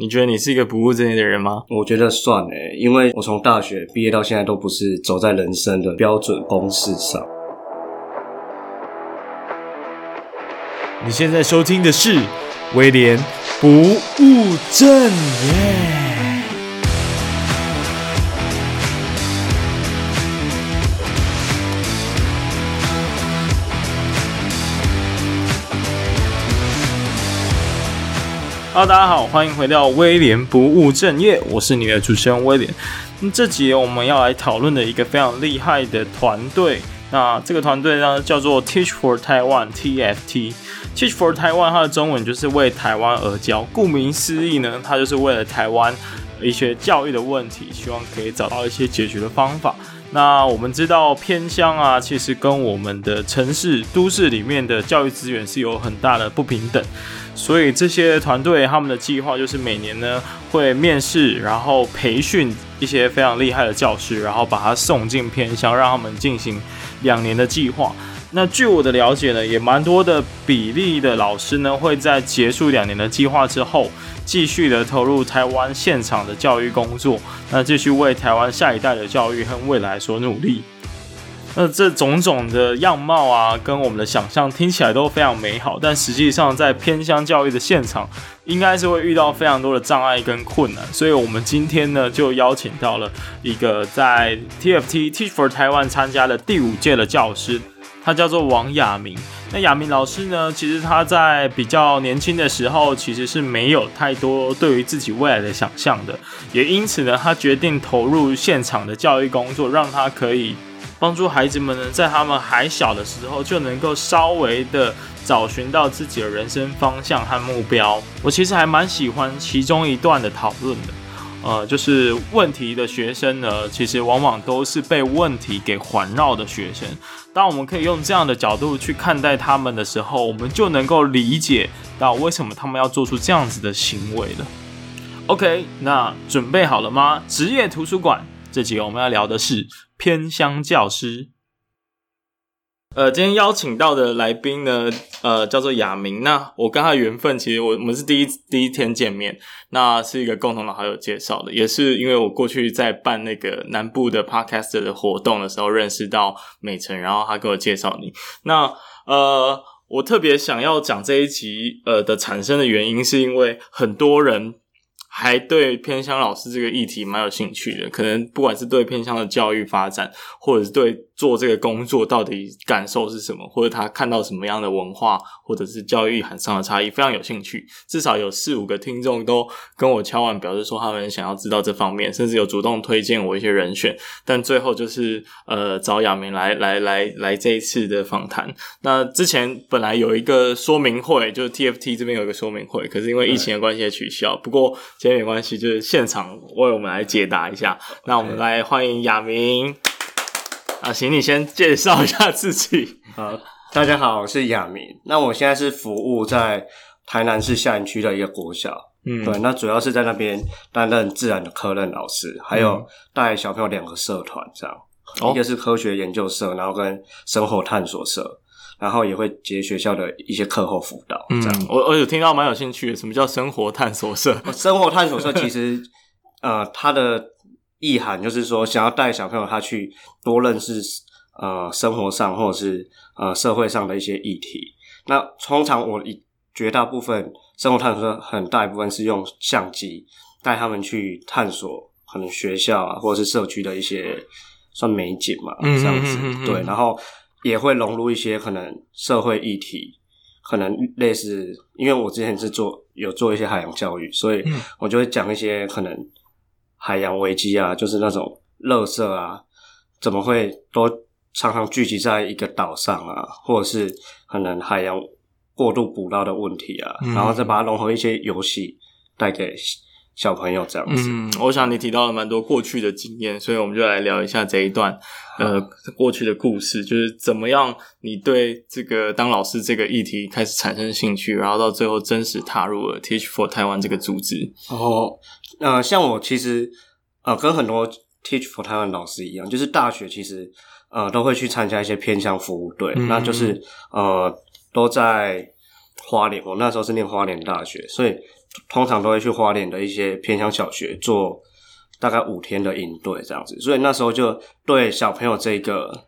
你覺得你是一個不務正業的人嗎？我覺得算哎，因為我從大學畢業到現在都不是走在人生的標準公式上。你現在收聽的是威廉不務正業。Yeah. 大家好，歡迎回到威廉不務正夜，我是你的主持人威廉。那這集我們要來討論的一個非常厲害的團隊，那這個團隊呢叫做 Teach for Taiwan（TFT）。Teach for Taiwan 它的中文就是為台灣而教，顧名思義呢，它就是為了台灣一些教育的問題，希望可以找到一些解決的方法。那我們知道偏鄉啊，其實跟我們的城市、都市裡面的教育資源是有很大的不平等。所以這些團隊他們的計劃就是每年呢會面試，然後培訓一些非常厲害的教師，然後把他送進偏鄉，讓他們進行兩年的計劃。那據我的了解呢，也蠻多的比例的老師呢會在結束兩年的計劃之後，繼續的投入台灣現場的教育工作，那繼續為台灣下一代的教育和未來所努力。那這種種的樣貌啊，跟我們的想象聽起來都非常美好，但實際上在偏鄉教育的現場，應該是會遇到非常多的障礙跟困難。所以，我們今天呢，就邀請到了一個在 T F T Teach for Taiwan 參加的第五屆的教師，他叫做王雅民。那雅民老師呢，其實他在比較年輕的時候，其實是沒有太多對於自己未來的想象的，也因此呢，他決定投入現場的教育工作，讓他可以，幫助孩子們呢，在他們還小的時候就能夠稍微的找尋到自己的人生方向和目標。我其實還蠻喜歡其中一段的討論的，呃，就是問題的學生呢，其實往往都是被問題給環繞的學生。當我們可以用這樣的角度去看待他們的時候，我們就能夠理解到為什麼他們要做出這樣子的行為了。OK，那準備好了嗎？職業圖書館這集我們要聊的是。偏鄉教師，呃，今天邀請到的來賓呢，呃，叫做雅民。那我跟他的緣分，其實我我們是第一第一天見面，那是一個共同的好友介紹的，也是因為我過去在辦那個南部的 podcaster 的活動的時候，認識到美辰，然後他給我介紹你。那呃，我特別想要講這一集呃的產生的原因，是因為很多人。還對偏鄉老師這個議題蠻有興趣的，可能不管是對偏鄉的教育發展，或者是對。做這個工作到底感受是什麼，或者他看到什麼樣的文化，或者是教育上的差異，非常有興趣。至少有四五個聽眾都跟我敲碗，表示說他們想要知道這方面，甚至有主動推薦我一些人選。但最後就是呃，找雅民來來來來這一次的訪談。那之前本來有一個說明會，就是 TF TFT 這邊有一個說明會，可是因為疫情的關係也取消。對不過今天沒關係，就是現場為我們來解答一下。那我們來歡迎雅民。Okay. 啊，行，你先介紹一下自己。好，大家好，我是雅民。那我現在是服務在台南市下營區的一個國小。嗯，對，那主要是在那邊擔任自然的科任老師，還有帶小朋友兩個社團，這樣。嗯、一個是科學研究社，然後跟生活探索社，然後也會接學校的一些課後輔導，這樣。嗯、我我有聽到蠻有興趣的。什麼叫生活探索社？生活探索社其實， 呃，它的。意涵就是說，想要帶小朋友他去多認識呃生活上或者是呃社會上的一些議題。那通常我一絕大部分生活探索很大一部分是用相機帶他們去探索可能學校啊或者是社區的一些算美景嘛，嗯、這樣子、嗯嗯嗯、對。然後也會融入一些可能社會議題，可能類似，因為我之前是做有做一些海洋教育，所以我就會講一些可能。海洋危機啊，就是那種垃圾啊，怎麼會都常常聚集在一個島上啊？或者是可能海洋過度捕撈的問題啊？嗯，然後再把它融合一些遊戲帶給小朋友這樣子，嗯。我想你提到了蠻多過去的經驗，所以我們就來聊一下這一段，嗯，呃過去的故事，就是怎麼樣你對這個當老師這個議題開始產生興趣，然後到最後真實踏入了 Teach for Taiwan 這個組織。哦。呃，像我其實呃，跟很多 Teach for Taiwan 老師一樣，就是大學其實呃，都會去參加一些偏鄉服務隊，嗯嗯嗯，那就是呃，都在花蓮。我那時候是念花蓮大學，所以通常都會去花蓮的一些偏鄉小學做大概五天的營隊這樣子。所以那時候就對小朋友這個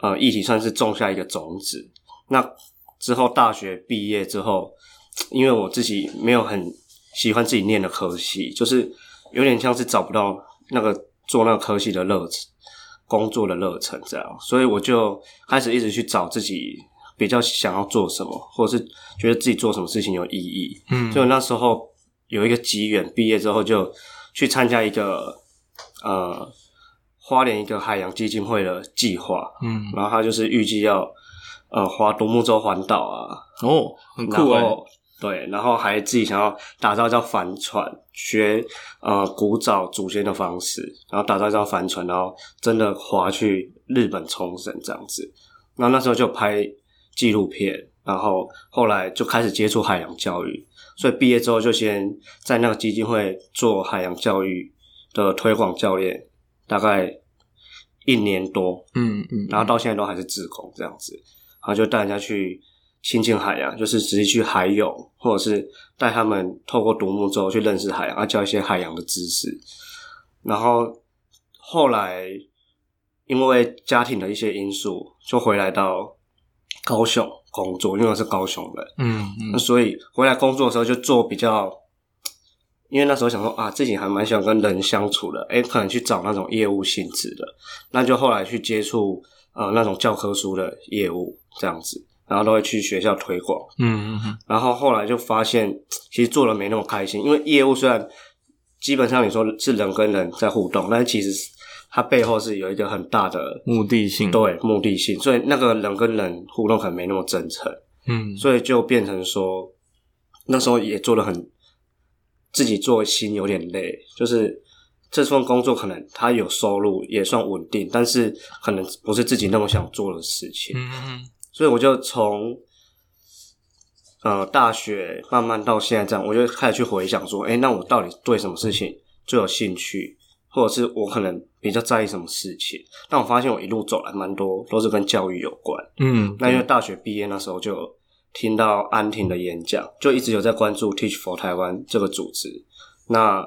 呃議題算是種下一個種子。那之後大學畢業之後，因為我自己沒有很。喜歡自己念的科系，就是有點像是找不到那個做那個科系的樂子，工作的熱忱這樣，所以我就開始一直去找自己比較想要做什麼，或者是覺得自己做什麼事情有意義。嗯，就那時候有一個機緣，畢業之後就去參加一個呃花蓮一個海洋基金會的計劃，嗯，然後他就是預計要呃划獨木舟環島啊，哦，很酷哦、欸。對，然後還自己想要打造一艘帆船，學呃古早祖先的方式，然後打造一艘帆船，然後真的划去日本沖繩這樣子。那那時候就拍紀錄片，然後後來就開始接觸海洋教育，所以畢業之後就先在那個基金會做海洋教育的推廣教練，大概一年多，嗯嗯嗯，嗯嗯然後到現在都還是志工這樣子，然後就帶人家去。親近海洋，就是直接去海泳，或者是帶他們透過獨木舟去認識海洋，啊、教一些海洋的知識。然後後來因為家庭的一些因素，就回來到高雄工作，哦、因為我是高雄人，嗯，嗯那所以回來工作的時候就做比較。因為那時候想說啊，自己還蠻喜歡跟人相處的，哎，可能去找那種業務性質的，那就後來去接觸呃那種教科書的業務這樣子。然後都會去學校推廣，嗯哼，然後後來就發現，其實做的沒那麼開心，因為業務雖然基本上你說是人跟人在互動，但其實它背後是有一個很大的目的性，對，目的性，所以那個人跟人互動可能沒那麼真誠，嗯，所以就變成說，那時候也做的很，自己做心有點累，就是這份工作可能他有收入也算穩定，但是可能不是自己那麼想做的事情，嗯所以我就從，呃，大學慢慢到現在這樣，我就開始去回想說，哎，那我到底對什麼事情最有興趣，或者是我可能比較在意什麼事情？但我發現我一路走來，蠻多都是跟教育有關。嗯，那因為大學畢業那時候就聽到安婷的演講，嗯、就一直有在關注 Teach for 台灣這個組織。那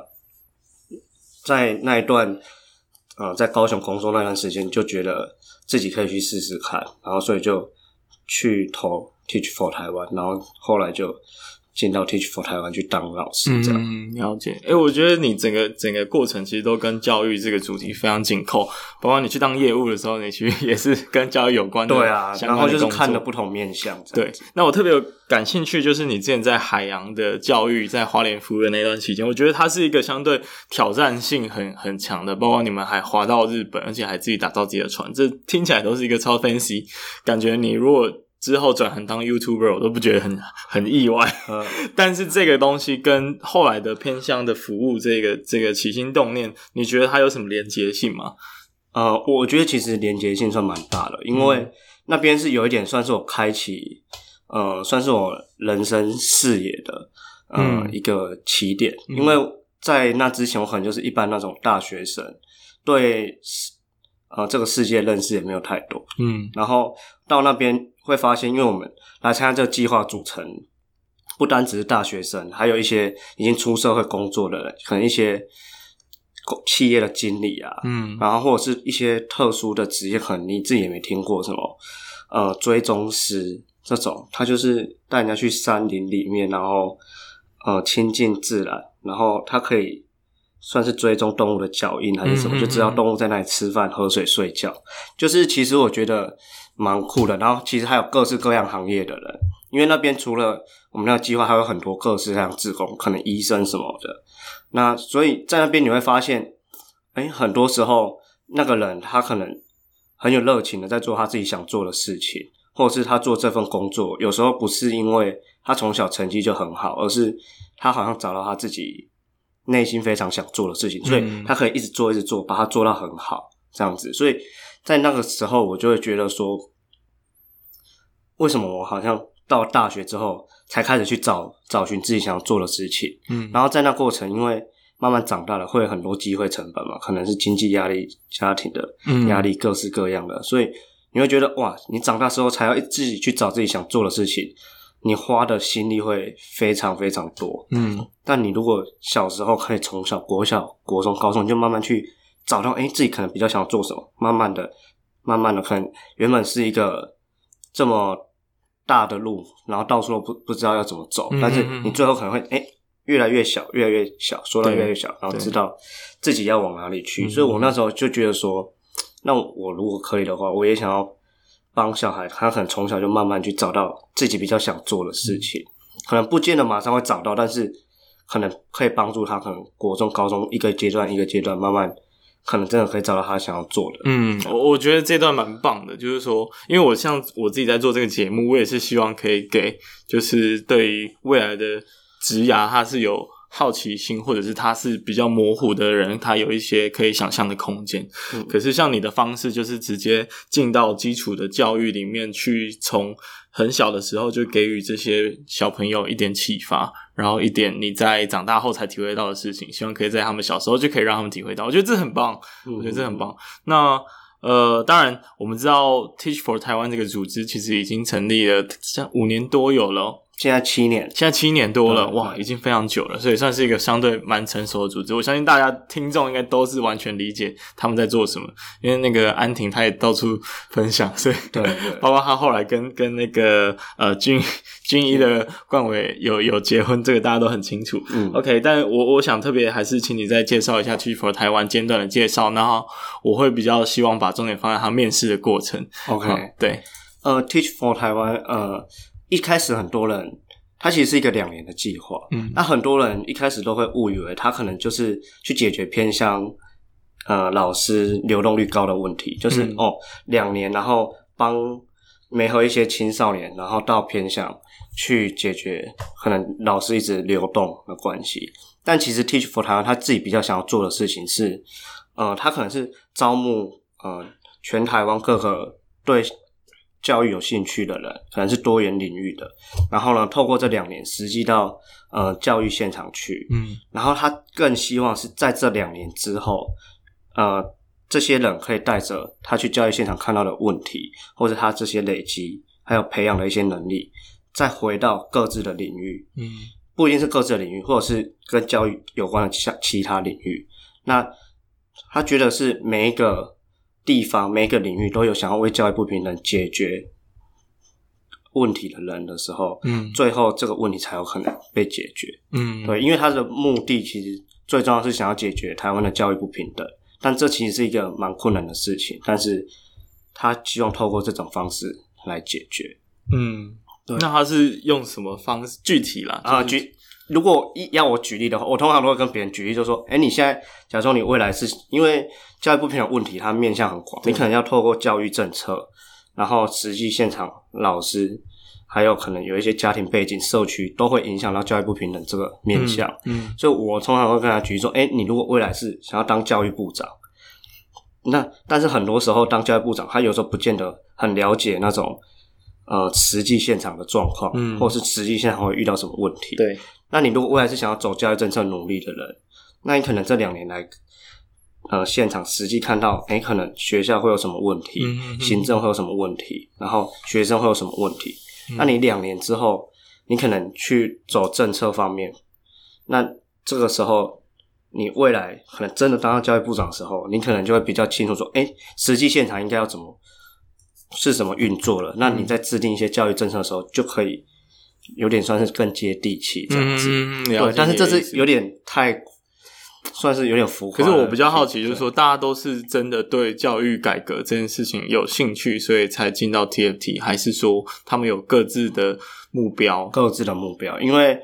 在那一段，呃，在高雄工作那段時間，就覺得自己可以去試試看，然後所以就。去投 Teach for 台灣，然後後來就。進到 teach for 台灣去當老師，這樣、嗯、了解。哎、欸，我覺得你整個整個過程其實都跟教育這個主題非常緊扣，包括你去當業務的時候，你其實也是跟教育有關的、關的。對啊，然後就是看了不同面向這樣。對，那我特別感興趣，就是你之前在海洋的教育，在花聯夫的那段期間，我覺得它是一個相對挑戰性很很強的，包括你們還滑到日本，而且還自己打造自己的船，這聽起來都是一個超分析。感覺你如果。之後轉行當 YouTuber，我都不覺得很很意外。嗯，但是這個東西跟後來的偏鄉的服務，這個這個起心動念，你覺得它有什麼連結性嗎？呃，我覺得其實連結性算蠻大的，因為那邊是有一點算是我開啟，呃，算是我人生視野的，呃，嗯，一個起點。因為在那之前，我可能就是一般那種大學生，對，呃，這個世界認識也沒有太多。嗯，然後到那邊。會發現，因為我們來參加這個計劃組成，不單只是大學生，還有一些已經出社會工作的人，可能一些企業的經理啊，嗯，然後或者是一些特殊的職業，可能你自己也沒聽過什麼，呃，追蹤師這種，他就是帶人家去山林裡面，然後呃，親近自然，然後他可以算是追蹤動物的腳印還是什麼，嗯嗯嗯，就知道動物在哪裡吃飯、喝水、睡覺。就是其實我覺得。蠻酷的，然後其實還有各式各樣行業的人，因為那邊除了我們那個計劃，還有很多各式各樣志工，可能醫生什麼的。那所以在那邊你會發現，哎，很多時候那個人他可能很有熱情的在做他自己想做的事情，或者是他做這份工作，有時候不是因為他從小成績就很好，而是他好像找到他自己內心非常想做的事情，所以他可以一直做一直做，把他做到很好這樣子，所以。在那個時候，我就會覺得說，為什麼我好像到大學之後才開始去找找尋自己想要做的事情？嗯，然後在那過程，因為慢慢長大了，會有很多機會成本嘛，可能是經濟壓力、家庭的壓力，各式各樣的，嗯，所以你會覺得哇，你長大之後才要自己去找自己想做的事情，你花的心力會非常非常多。嗯，但你如果小時候可以從小國小、國中、高中就慢慢去，找到哎、欸，自己可能比較想做什麼，慢慢的，慢慢的，可能原本是一個這麼大的路，然後到處都不不知道要怎麼走，但是你最後可能會哎、欸、越來越小，越來越小，縮到越來越小，對然後知道自己要往哪裡去。對所以我那時候就覺得說，那我，我如果可以的話，我也想要幫小孩，他可能從小就慢慢去找到自己比較想做的事情，嗯、可能不見得馬上會找到，但是可能可以幫助他，可能國中、高中一個階段一個階段慢慢。可能真的可以找到他想要做的。嗯，我我覺得這段蠻棒的，就是說，因為我像我自己在做這個節目，我也是希望可以給，就是對於未來的職涯，他是有好奇心，或者是他是比較模糊的人，他有一些可以想象的空間。嗯。可是像你的方式，就是直接進到基礎的教育裡面去，從很小的時候就給予這些小朋友一點啟發。然後一點你在長大後才體會到的事情，希望可以在他們小時候就可以讓他們體會到。我覺得這很棒，嗯、我覺得這很棒。嗯、那呃，當然我們知道 Teach for Taiwan 這個組織其實已經成立了，像五年多有了。現在七年，現在七年多了，哇，已經非常久了，所以算是一個相對蠻成熟的組織。我相信大家聽眾應該都是完全理解他們在做什麼，因為那個安婷他也到處分享，所以對，對包括他後來跟跟那個呃軍軍醫的冠偉有 Okay. 有，有結婚，這個大家都很清楚。嗯，OK，但我我想特別還是請你再介紹一下 Teach for 台灣簡短的介紹，然後我會比較希望把重點放在他面試的過程。OK，、嗯、對，呃、uh,，Teach for 台灣，呃。一開始很多人，他其實是一個兩年的計劃。嗯，那很多人一開始都會誤以為他可能就是去解決偏鄉呃老師流動率高的問題，就是、嗯、哦兩年，然後幫每和一些青少年，然後到偏鄉去解決可能老師一直流動的關係。但其實 Teach for Taiwan 他自己比較想要做的事情是，呃，他可能是招募呃全台灣各個對。教育有興趣的人，可能是多元領域的。然後呢，透過這兩年實際到呃教育現場去，嗯，然後他更希望是在這兩年之後，呃，這些人可以帶着他去教育現場看到的問題，或者他這些累積還有培養的一些能力，再回到各自的領域，嗯，不一定是各自的領域，或者是跟教育有關的其他領域。那他覺得是每一個。地方每個領域都有想要為教育不平等解決問題的人的時候，嗯，最後這個問題才有可能被解決，嗯，對，因為他的目的其實最重要是想要解決台灣的教育不平等，但這其實是一個蠻困難的事情，但是他希望透過這種方式來解決，嗯，對，那他是用什麼方式？具體啦，就是、啊，具。如果一要我舉例的話，我通常都會跟別人舉例，就是說：，哎、欸，你現在，假如說你未來是，因為教育不平等問題，它面向很廣，對你可能要透過教育政策，然後實際現場老師，還有可能有一些家庭背景、社區，都會影響到教育不平等這個面向。嗯，嗯，所以，我通常會跟他舉例說：，哎、欸，你如果未來是想要當教育部長，那但是很多時候當教育部長，他有時候不見得很了解那種，呃，實際現場的狀況，或者是實際現場會遇到什麼問題？對、嗯，那你如果未來是想要走教育政策努力的人，那你可能這兩年來，呃，現場實際看到，哎、欸，可能學校會有什麼問題，嗯嗯、行政會有什麼問題，然後學生會有什麼問題？嗯、那你兩年之後，你可能去走政策方面，那這個時候，你未來可能真的當上教育部長的時候，你可能就會比較清楚說，哎、欸，實際現場應該要怎麼？是什麼運作了？那你在制定一些教育政策的時候，就可以有點算是更接地氣這樣子。嗯、對，但是這是有點太算是有點浮誇。可是我比較好奇，就是說對大家都是真的對教育改革這件事情有興趣，所以才進到 TFT，嗯、還是說他們有各自的目標？各自的目標，因為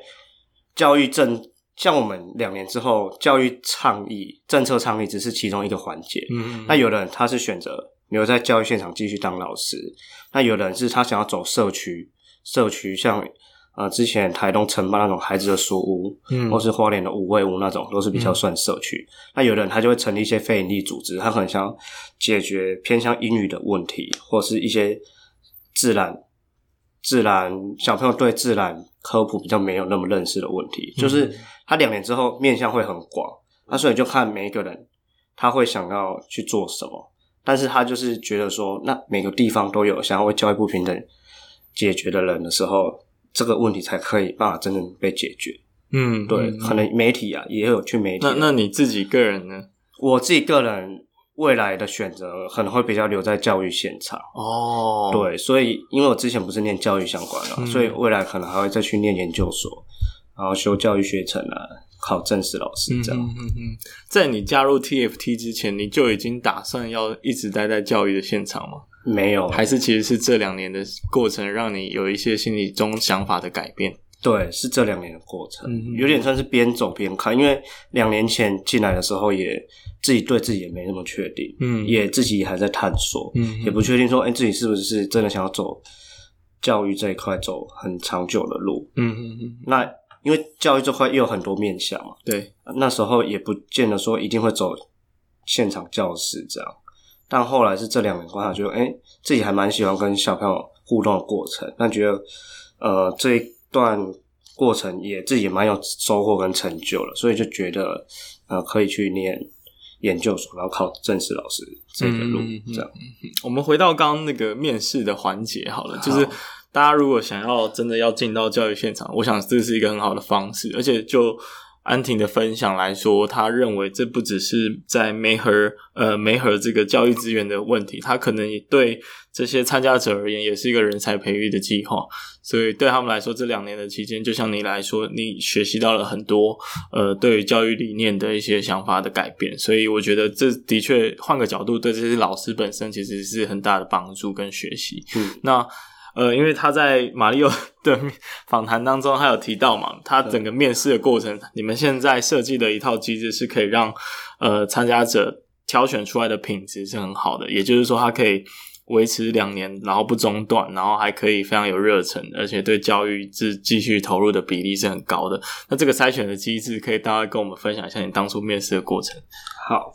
教育政像我們兩年之後教育倡議政策倡議只是其中一個環節。嗯，那有的人他是選擇。留在在教育現場繼續當老師，那有的人是他想要走社區，社區像呃之前台東陳爸那種孩子的書屋，嗯，或是花蓮的五味屋那種，都是比較算社區。嗯、那有的人他就會成立一些非營利組織，他可能想要解決偏向英語的問題，或是一些自然自然小朋友對自然科普比較沒有那麼認識的問題，嗯、就是他兩年之後面向會很廣，那所以就看每一個人他會想要去做什麼。但是他就是覺得說，那每個地方都有想要為教育不平等解決的人的時候，這個問題才可以辦法真正被解決。嗯，對，嗯嗯、可能媒體啊也有去媒體、啊。那那你自己個人呢？我自己個人未來的選擇可能會比較留在教育現場。哦，對，所以因為我之前不是念教育相關的、啊，嗯、所以未來可能還會再去念研究所，然後修教育學程啊。考正式老師這樣，嗯哼嗯哼，在你加入 TFT 之前，你就已經打算要一直待在教育的現場嗎？沒有，還是其實是這兩年的過程，讓你有一些心理中想法的改變？對，是這兩年的過程，嗯、哼有點算是邊走邊看。因為兩年前進來的時候，也自己對自己也沒那麼確定，嗯，也自己還在探索，嗯哼，也不確定說，哎、欸，自己是不是真的想要走教育這一塊，走很長久的路？嗯哼嗯嗯，那。因為教育這塊又有很多面向嘛，對、呃，那時候也不見得說一定會走現場教室這樣，但後來是這兩年觀察，就、欸、誒自己還蠻喜歡跟小朋友互動的過程，但覺得呃這一段過程也自己也蠻有收穫跟成就了，所以就覺得呃可以去念研究所，然後考正式老師這個路、嗯、這樣、嗯。我們回到剛剛那個面試的環節好了，好就是。大家如果想要真的要進到教育現場，我想這是一個很好的方式。而且就安婷的分享來說，她認為這不只是在弭合呃弭合這個教育資源的問題，他可能也對這些參加者而言也是一個人才培育的計劃。所以對他們來說，這兩年的期間，就像你來說，你學習到了很多呃，對於教育理念的一些想法的改變。所以我覺得這的確換個角度，對這些老師本身其實是很大的幫助跟學習。嗯是，那。呃，因為他在馬利奧的訪談當中，他有提到嘛，他整個面試的過程，嗯、你們現在設計的一套機制是可以讓呃參加者挑選出來的品質是很好的，也就是說，它可以維持兩年，然後不中斷，然後還可以非常有熱忱，而且對教育是繼續投入的比例是很高的。那這個篩選的機制，可以大概跟我們分享一下你當初面試的過程？好，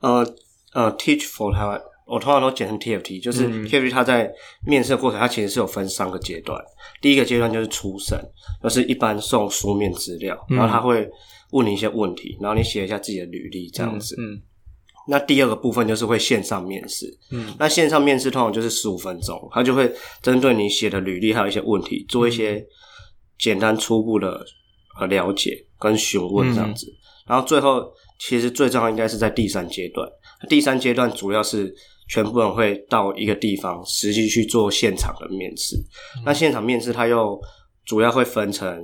呃、uh, 呃、uh,，Teach for Taiwan 我通常都簡稱 TFT，就是 TFT 他在面試過程，嗯、他其實是有分三個階段。第一個階段就是初審，就是一般送書面資料，嗯、然後他會問你一些問題，然後你寫一下自己的履歷這樣子。嗯嗯、那第二個部分就是會線上面試，嗯、那線上面試通常就是十五分鐘，他就會針對你寫的履歷還有一些問題做一些簡單初步的呃了解跟詢問這樣子。嗯嗯、然後最後其實最重要應該是在第三階段，第三階段主要是。全部人會到一個地方，實際去做現場的面試。嗯、那現場面試，它又主要會分成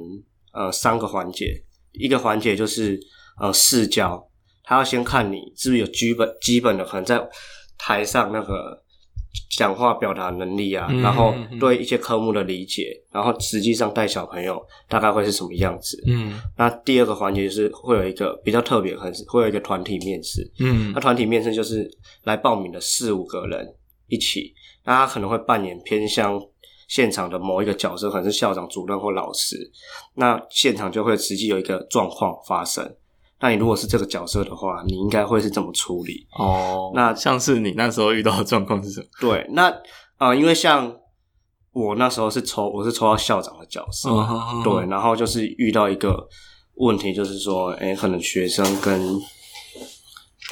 呃三個環節。一個環節就是呃試教，他要先看你是不是有基本基本的，可能在台上那個。講話表達能力啊，嗯、然後對一些科目的理解，嗯、然後實際上帶小朋友大概會是什麼樣子。嗯，那第二個環節就是會有一個比較特別很，很會有一個團體面試。嗯，那團體面試就是來報名的四五個人一起，那他可能會扮演偏向現場的某一個角色，可能是校長、主任或老師。那現場就會實際有一個狀況發生。那你如果是這個角色的話，你應該會是怎麼處理？哦，那像是你那時候遇到的狀況是什麼？對，那啊、呃，因為像我那時候是抽，我是抽到校長的角色，哦、對，哦、然後就是遇到一個問題，就是說，哎、欸，可能學生跟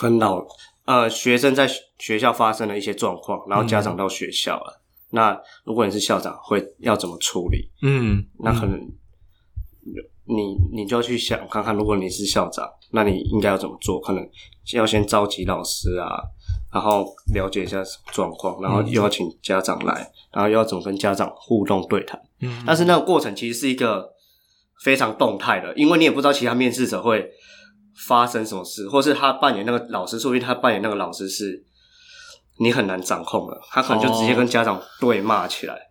跟老、嗯、呃學生在學校發生了一些狀況，然後家長到學校了，嗯、那如果你是校長，會要怎麼處理？嗯，那可能。你你就要去想看看，如果你是校長，那你應該要怎麼做？可能要先召集老師啊，然後了解一下狀況，然後又要請家長來，然後又要怎麼跟家長互動對談。嗯哼，但是那個過程其實是一個非常動態的，因為你也不知道其他面試者會發生什麼事，或是他扮演那個老師，說不定他扮演那個老師是你很難掌控的，他可能就直接跟家長對罵起來。哦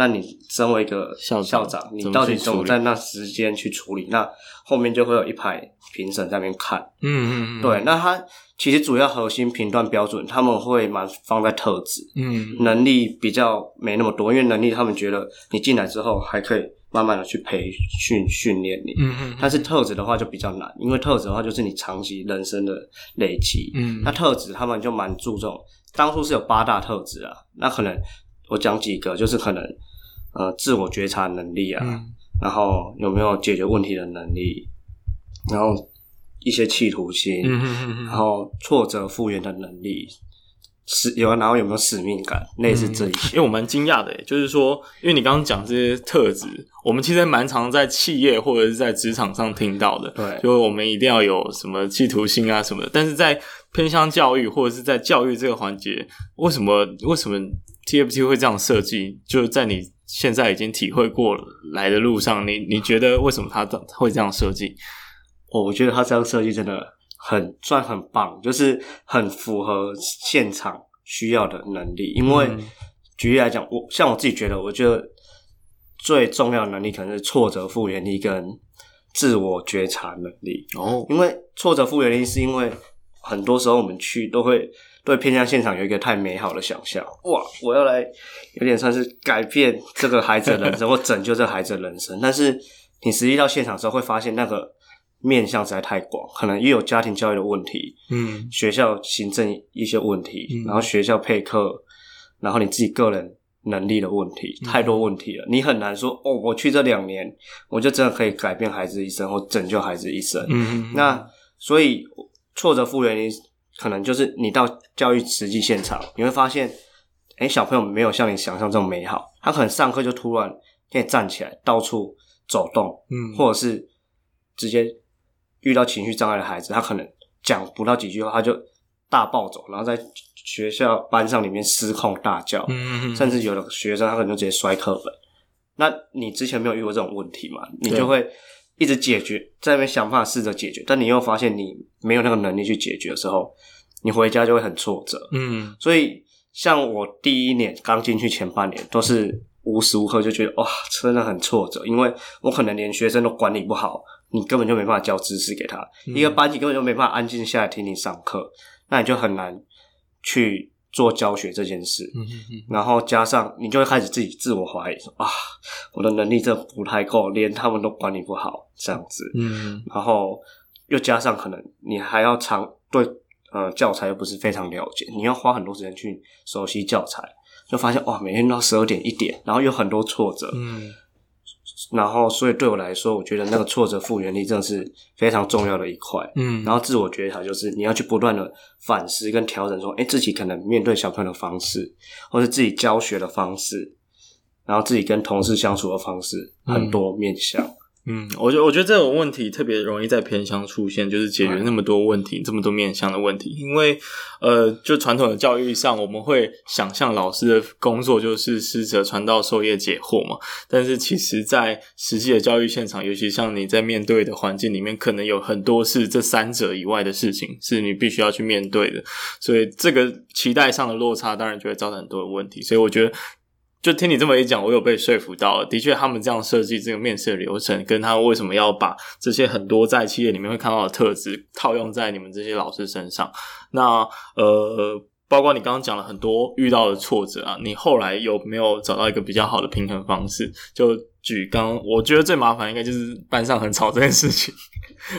那你身為一個校長，校長你到底怎麼在那時間去處理？處理那後面就會有一排評審在那邊看。嗯嗯嗯。對，那他其實主要核心評斷標準，他們會蠻放在特質。嗯哼。能力比較沒那麼多，因為能力他們覺得你進來之後還可以慢慢的去培訓訓練你。嗯嗯。但是特質的話就比較難，因為特質的話就是你長期人生的累積。嗯。那特質他們就蠻注重，當初是有八大特質啊。那可能我講幾個，就是可能、嗯。呃，自我覺察能力啊，嗯、然後有沒有解決問題的能力，然後一些企圖心，嗯、哼哼哼然後挫折復原的能力，使有然後有沒有使命感，類似這一些、嗯。因為我蠻驚訝的，就是說，因為你剛剛講這些特質，我們其實蠻常在企業或者是在職場上聽到的，對，就是我們一定要有什麼企圖心啊什麼的。但是在偏鄉教育或者是在教育這個環節，為什麼為什麼 TFT 會這樣設計？就是在你。現在已經體會過了，來的路上，你你覺得為什麼他會這樣設計？我我覺得他這樣設計真的很算很棒，就是很符合現場需要的能力。因為、嗯、舉例來講，我像我自己覺得，我覺得最重要的能力可能是挫折復原力跟自我覺察能力。哦，因為挫折復原力是因為很多時候我們去都會。對，偏鄉現場有一個太美好的想象，哇！我要來，有點算是改變這個孩子的人生， 或拯救這個孩子的人生。但是你實際到現場之後，會發現那個面向實在太廣，可能又有家庭教育的問題，嗯，學校行政一些問題，嗯、然後學校配課，然後你自己個人能力的問題，太多問題了，嗯、你很難說哦。我去這兩年，我就真的可以改變孩子一生，或拯救孩子一生。嗯，那所以挫折復原可能就是你到教育實際現場，你會發現，哎、欸，小朋友沒有像你想象這麼美好。他可能上課就突然可以站起來，到處走動，嗯，或者是直接遇到情緒障礙的孩子，他可能講不到幾句話，他就大暴走，然後在學校班上裡面失控大叫，嗯哼，甚至有的學生他可能就直接摔課本。那你之前沒有遇過這種問題嗎？你就會。一直解決，在那邊想辦法試着解決，但你又發現你沒有那個能力去解決的時候，你回家就會很挫折。嗯，所以像我第一年剛進去前半年，都是無時無刻就覺得哇，真的很挫折，因為我可能連學生都管理不好，你根本就沒辦法教知識給他，嗯、一個班級根本就沒辦法安靜下來聽你上課，那你就很難去。做教學這件事，嗯嗯、然後加上你就會開始自己自我懷疑，說啊，我的能力這不太夠，連他們都管理不好這樣子。嗯、然後又加上可能你還要常對，呃，教材又不是非常了解，你要花很多時間去熟悉教材，就發現哇、哦，每天到十二點一點，然後有很多挫折。嗯然後，所以對我來說，我覺得那個挫折復原力真的是非常重要的一塊。嗯，然後自我覺察就是你要去不斷的反思跟調整，說，哎，自己可能面對小朋友的方式，或者自己教學的方式，然後自己跟同事相處的方式，很多面向。嗯嗯，我覺得我覺得這種問題特別容易在偏鄉出現，就是解決那麼多問題，嗯、這麼多面向的問題。因為呃，就傳統的教育上，我們會想象老師的工作就是師者傳道授業解惑嘛。但是其實，在實際的教育現場，尤其像你在面對的環境裡面，可能有很多是這三者以外的事情，是你必須要去面對的。所以這個期待上的落差，當然就會造成很多的問題。所以我覺得。就聽你這麼一講，我有被說服到了。的確，他們這樣設計這個面試的流程，跟他們為什麼要把這些很多在企業裡面會看到的特質套用在你們這些老師身上？那呃，包括你剛剛講了很多遇到的挫折啊，你後來有沒有找到一個比較好的平衡方式？就舉剛，我覺得最麻煩應該就是班上很吵這件事情。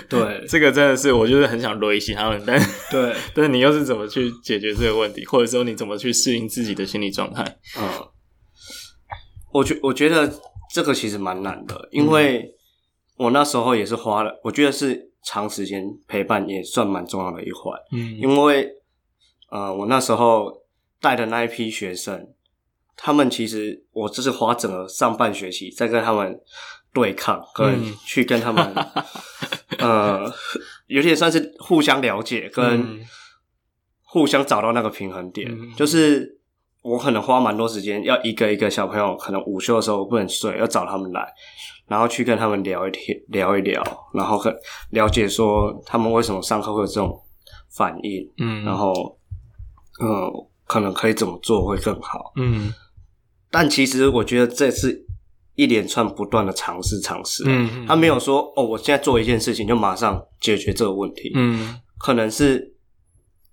對， 這個真的是我就是很想雷醒他們，但是對，對，但是你又是怎麼去解決這個問題，或者說你怎麼去適應自己的心理狀態？啊對。呃我覺我覺得這個其實蠻難的，因為我那時候也是花了，我覺得是長時間陪伴也算蠻重要的一環。嗯，因為呃，我那時候帶的那一批學生，他們其實我就是花整個上半學期在跟他們對抗，跟去跟他們，嗯、呃，有些算是互相了解，跟互相找到那個平衡點，嗯、就是。我可能花蠻多時間，要一個一個小朋友，可能午休的時候我不能睡，要找他們來，然後去跟他們聊一聊，聊一聊，然後和了解說他們為什麼上課會有這種反應，嗯，然後，呃，可能可以怎麼做會更好，嗯，但其實我覺得這是一連串不斷的嘗試嘗試，嗯，嗯，他沒有說哦，我現在做一件事情就馬上解決這個問題，嗯，可能是。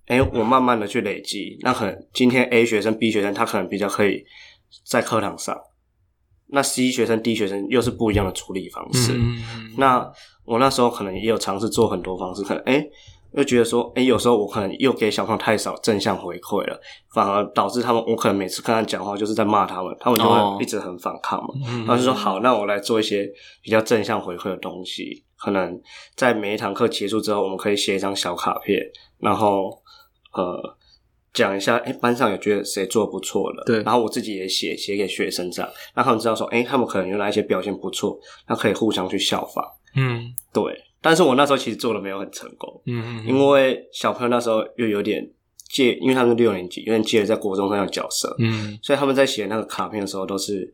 哎，我慢慢的去累積，那可能今天 A 學生、B 學生他可能比較可以在課堂上，那 C 學生、D 學生又是不一樣的處理方式。嗯、那我那時候可能也有嘗試做很多方式，可能哎又覺得說，哎有時候我可能又給小朋友太少正向回饋了，反而導致他們，我可能每次跟他講話就是在罵他們，他們就會一直很反抗嘛。哦嗯、然後就說好，那我來做一些比較正向回饋的東西，可能在每一堂課結束之後，我們可以寫一張小卡片，然後。呃，講一下，哎、欸，班上有覺得誰做的不錯了，對，然後我自己也寫寫給學生這樣，讓他們知道說，哎、欸，他們可能有哪一些表現不錯，他可以互相去效仿，嗯，對。但是我那時候其實做的沒有很成功，嗯哼，因為小朋友那時候又有點借，因為他們六年級有點借在國中那樣的角色，嗯哼，所以他們在寫那個卡片的時候都是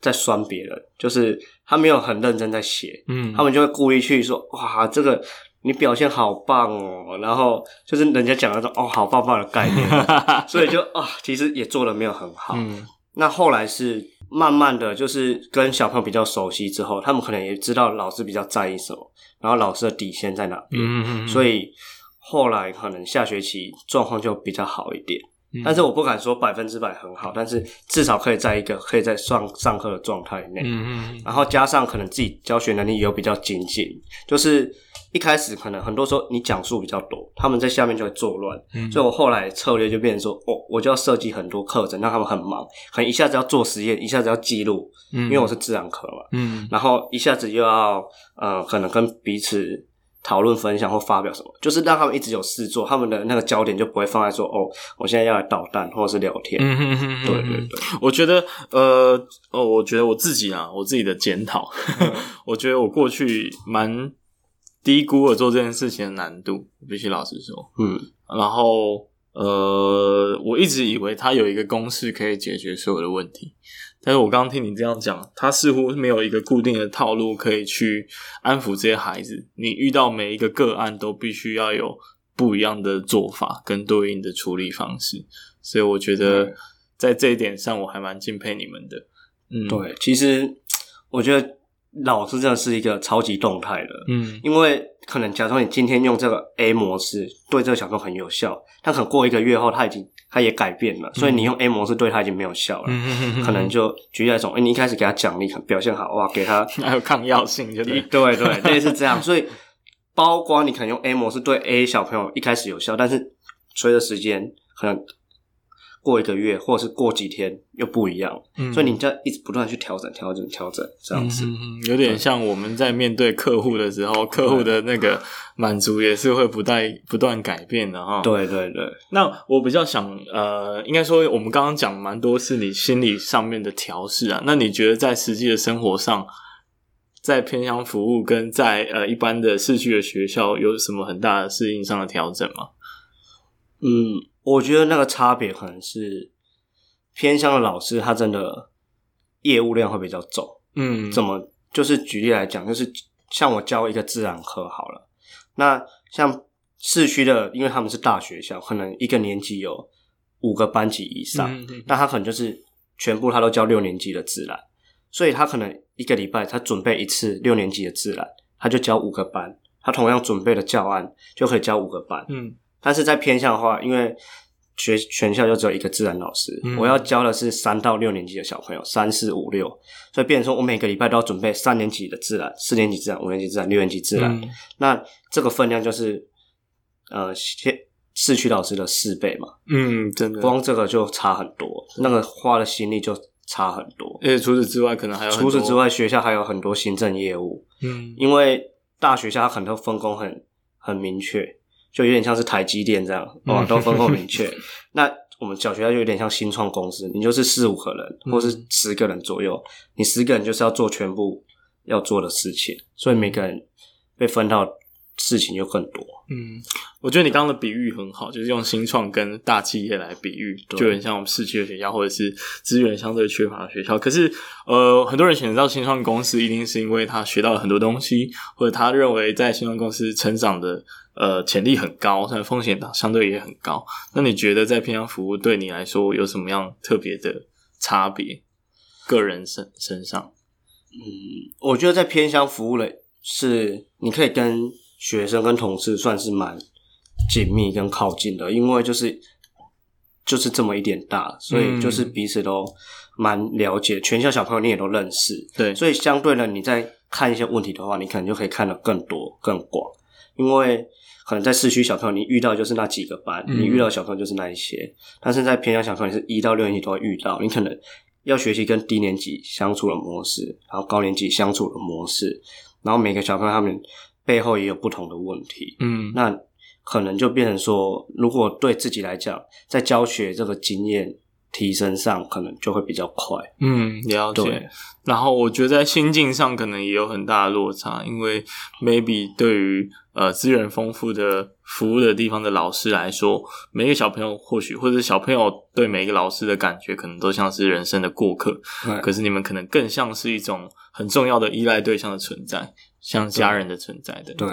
在酸別人，就是他沒有很認真在寫，嗯哼，他們就會故意去說，哇，這個。你表現好棒哦，然後就是人家講那種哦好棒棒的概念， 所以就啊、哦，其實也做的沒有很好。嗯、那後來是慢慢的，就是跟小朋友比較熟悉之後，他們可能也知道老師比較在意什麼，然後老師的底線在哪邊。嗯嗯，所以後來可能下學期狀況就比較好一點，嗯、但是我不敢說百分之百很好，但是至少可以在一個可以在上上課的狀態內。嗯嗯，然後加上可能自己教學能力有比較精進就是。一開始可能很多時候你講述比較多，他們在下面就會作亂，嗯、所以我後來策略就變成說，哦，我就要設計很多課程，讓他們很忙，可能一下子要做實驗，一下子要記錄，嗯、因為我是自然科嘛，嗯、然後一下子又要呃，可能跟彼此討論、分享或發表什麼，就是讓他們一直有事做，他們的那個焦點就不會放在說，哦，我現在要來搗蛋或者是聊天。嗯哼哼哼哼對對對，我覺得呃哦，我覺得我自己啊，我自己的檢討，嗯、 我覺得我過去蠻。低估了做這件事情的難度，必須老實說。嗯，然後呃，我一直以為他有一個公式可以解決所有的問題，但是我剛剛聽你這樣講，他似乎沒有一個固定的套路可以去安撫這些孩子。你遇到每一個個案都必須要有不一樣的做法跟對應的處理方式，所以我覺得在這一點上，我還蠻敬佩你們的。嗯，對，其實我，我覺得。老師真的是一個超級動態的，嗯，因為可能假如說你今天用這個 A 模式對這個小朋友很有效，但可能過一個月後，他已經他也改變了，所以你用 A 模式對他已經沒有效了，嗯、可能就舉例來說，誒、欸、你一開始給他獎勵，表現好哇，給他還有抗藥性就對了，對對對， 是這樣，所以包括你可能用 A 模式對 A 小朋友一開始有效，但是隨着時間可能。過一個月，或者是過幾天又不一樣、嗯、所以你就要一直不斷去調整、調整、調整，這樣子嗯嗯嗯，有點像我們在面對客戶的時候，對客戶的那個滿足也是會不斷不斷改變的哈。對對對。那我比較想，呃，應該說我們剛剛講蠻多是你心理上面的調適啊。那你覺得在實際的生活上，在偏鄉服務跟在呃一般的市區的學校，有什麼很大的適應上的調整嗎？嗯。我覺得那個差別可能是偏鄉的老師，他真的業務量會比較重。嗯，怎麼就是舉例來講，就是像我教一個自然科好了，那像市區的，因為他們是大學校，可能一個年級有五個班級以上，嗯、那他可能就是全部他都教六年級的自然，所以他可能一個禮拜他準備一次六年級的自然，他就教五個班，他同樣準備的教案就可以教五個班。嗯。但是在偏鄉的話，因為學全校就只有一個自然老師，嗯、我要教的是三到六年級的小朋友，三四五六，所以變成說我每個禮拜都要準備三年級的自然、四年級自然、五年級自然、六年級自然，嗯、那這個分量就是呃，市區老師的四倍嘛。嗯，真的，光這個就差很多，那個花的心力就差很多。因為、嗯、除此之外，可能還有很多除此之外，學校還有很多行政業務。嗯，因為大學校很多分工很很明確。就有點像是台積電這樣，哦啊、都分工明確。 那我們小學校就有點像新創公司，你就是四五個人，或是十個人左右。嗯、你十個人就是要做全部要做的事情，所以每個人被分到事情就更多。嗯，我覺得你剛剛的比喻很好，就是用新創跟大企業來比喻，就很像我們市區的學校或者是資源相對缺乏的學校。可是，呃，很多人選擇到新創公司，一定是因為他學到了很多東西，或者他認為在新創公司成長的。呃，潛力很高，但風險相對也很高。那你覺得在偏鄉服務對你來說有什麼樣特別的差別？個人身身上，嗯，我覺得在偏鄉服務呢，是你可以跟學生、跟同事算是蠻緊密跟靠近的，因為就是就是這麼一點大，所以就是彼此都蠻了解，嗯、全校小朋友你也都認識，對，所以相對的你在看一些問題的話，你可能就可以看得更多、更廣，因為。可能在市區小朋友，你遇到就是那幾個班，嗯、你遇到小朋友就是那一些。但是，在偏鄉小朋友你是一到六年級都會遇到，你可能要學習跟低年級相處的模式，然後高年級相處的模式，然後每個小朋友他們背後也有不同的問題。嗯，那可能就變成說，如果對自己來講，在教學這個經驗。提升上可能就會比較快，嗯，了解。對然後我覺得在心境上可能也有很大的落差，因為 maybe 對於呃資源豐富的服務的地方的老師來說，每個小朋友或許或者小朋友對每一個老師的感覺，可能都像是人生的過客。對可是你們可能更像是一種很重要的依賴對象的存在，像家人的存在的。對，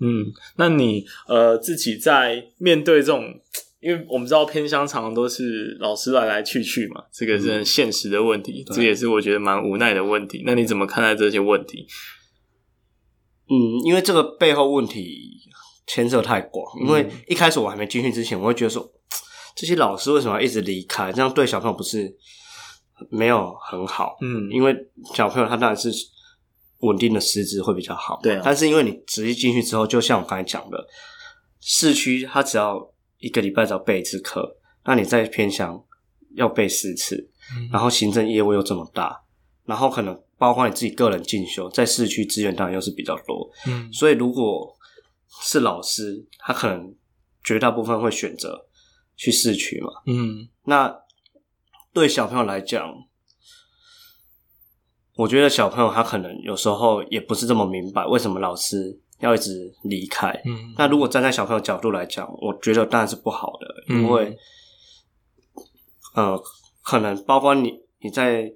嗯，那你呃自己在面對這種。因為我們知道偏鄉常常都是老師來來去去嘛，這個是很現實的問題，嗯、這也是我覺得蠻無奈的問題。那你怎麼看待這些問題？嗯，因為這個背後問題牽涉太廣。因為一開始我還沒進去之前，嗯、我會覺得說，這些老師為什麼要一直離開？這樣對小朋友不是沒有很好？嗯，因為小朋友他當然是穩定的師資會比較好。對、啊，但是因為你直接進去之後，就像我剛才講的，市區他只要。一個禮拜只要備一次課，那你在偏鄉要備四次，嗯，然後行政業務又這麼大，然後可能包括你自己個人進修，在市區資源當然又是比較多，嗯，所以如果是老師，他可能絕大部分會選擇去市區嘛，嗯，那對小朋友來講，我覺得小朋友他可能有時候也不是這麼明白為什麼老師。要一直離開。嗯。那如果站在小朋友角度來講，我覺得當然是不好的，因為、嗯、呃，可能包括你你在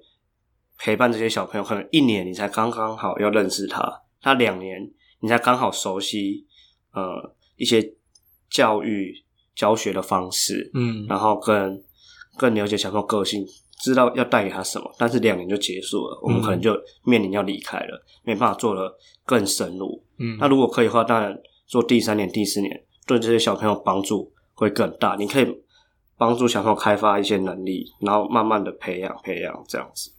陪伴這些小朋友，可能一年你才剛剛好要認識他，那兩年你才剛好熟悉呃一些教育教學的方式，嗯，然後更更了解小朋友個性，知道要帶給他什麼，但是兩年就結束了，我們可能就面臨要離開了，嗯、沒辦法做得更深入。嗯，那如果可以的話，當然做第三年、第四年，對這些小朋友幫助會更大。你可以幫助小朋友開發一些能力，然後慢慢的培養、培養這樣子。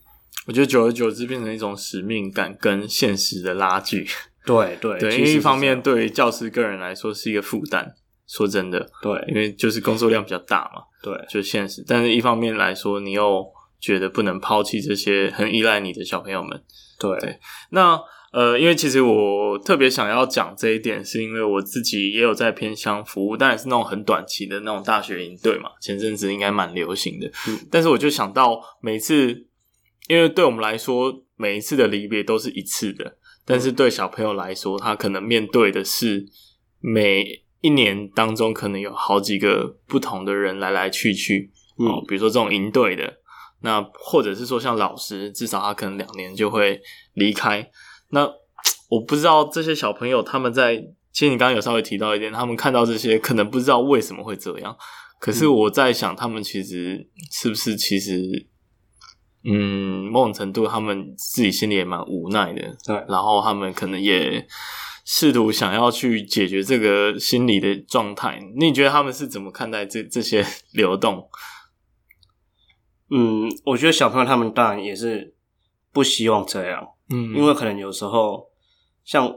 我覺得久而久之變成一種使命感跟現實的拉鋸。嗯。對對對，其實因為一方面對於教師個人來說是一個負擔，說真的。對，因為就是工作量比較大嘛。對，就是現實。但是一方面來說，你又覺得不能拋棄這些很依賴你的小朋友們。對，對，那。呃，因為其實我特別想要講這一點，是因為我自己也有在偏鄉服務，但也是那種很短期的那種大學營隊嘛。前陣子應該蠻流行的，嗯、但是我就想到，每次，因為對我們來說，每一次的離別都是一次的，但是對小朋友來說，他可能面對的是每一年當中可能有好幾個不同的人來來去去。嗯、哦，比如說這種營隊的，那或者是說像老師，至少他可能兩年就會離開。那我不知道這些小朋友他們在，其實你剛剛有稍微提到一點，他們看到這些可能不知道為什麼會這樣。可是我在想，他們其實是不是其實，嗯，嗯，某種程度他們自己心裡也蠻無奈的。對，然後他們可能也試圖想要去解決這個心理的狀態。你覺得他們是怎麼看待這這些流動？嗯，我覺得小朋友他們當然也是不希望這樣。嗯，因為可能有時候，像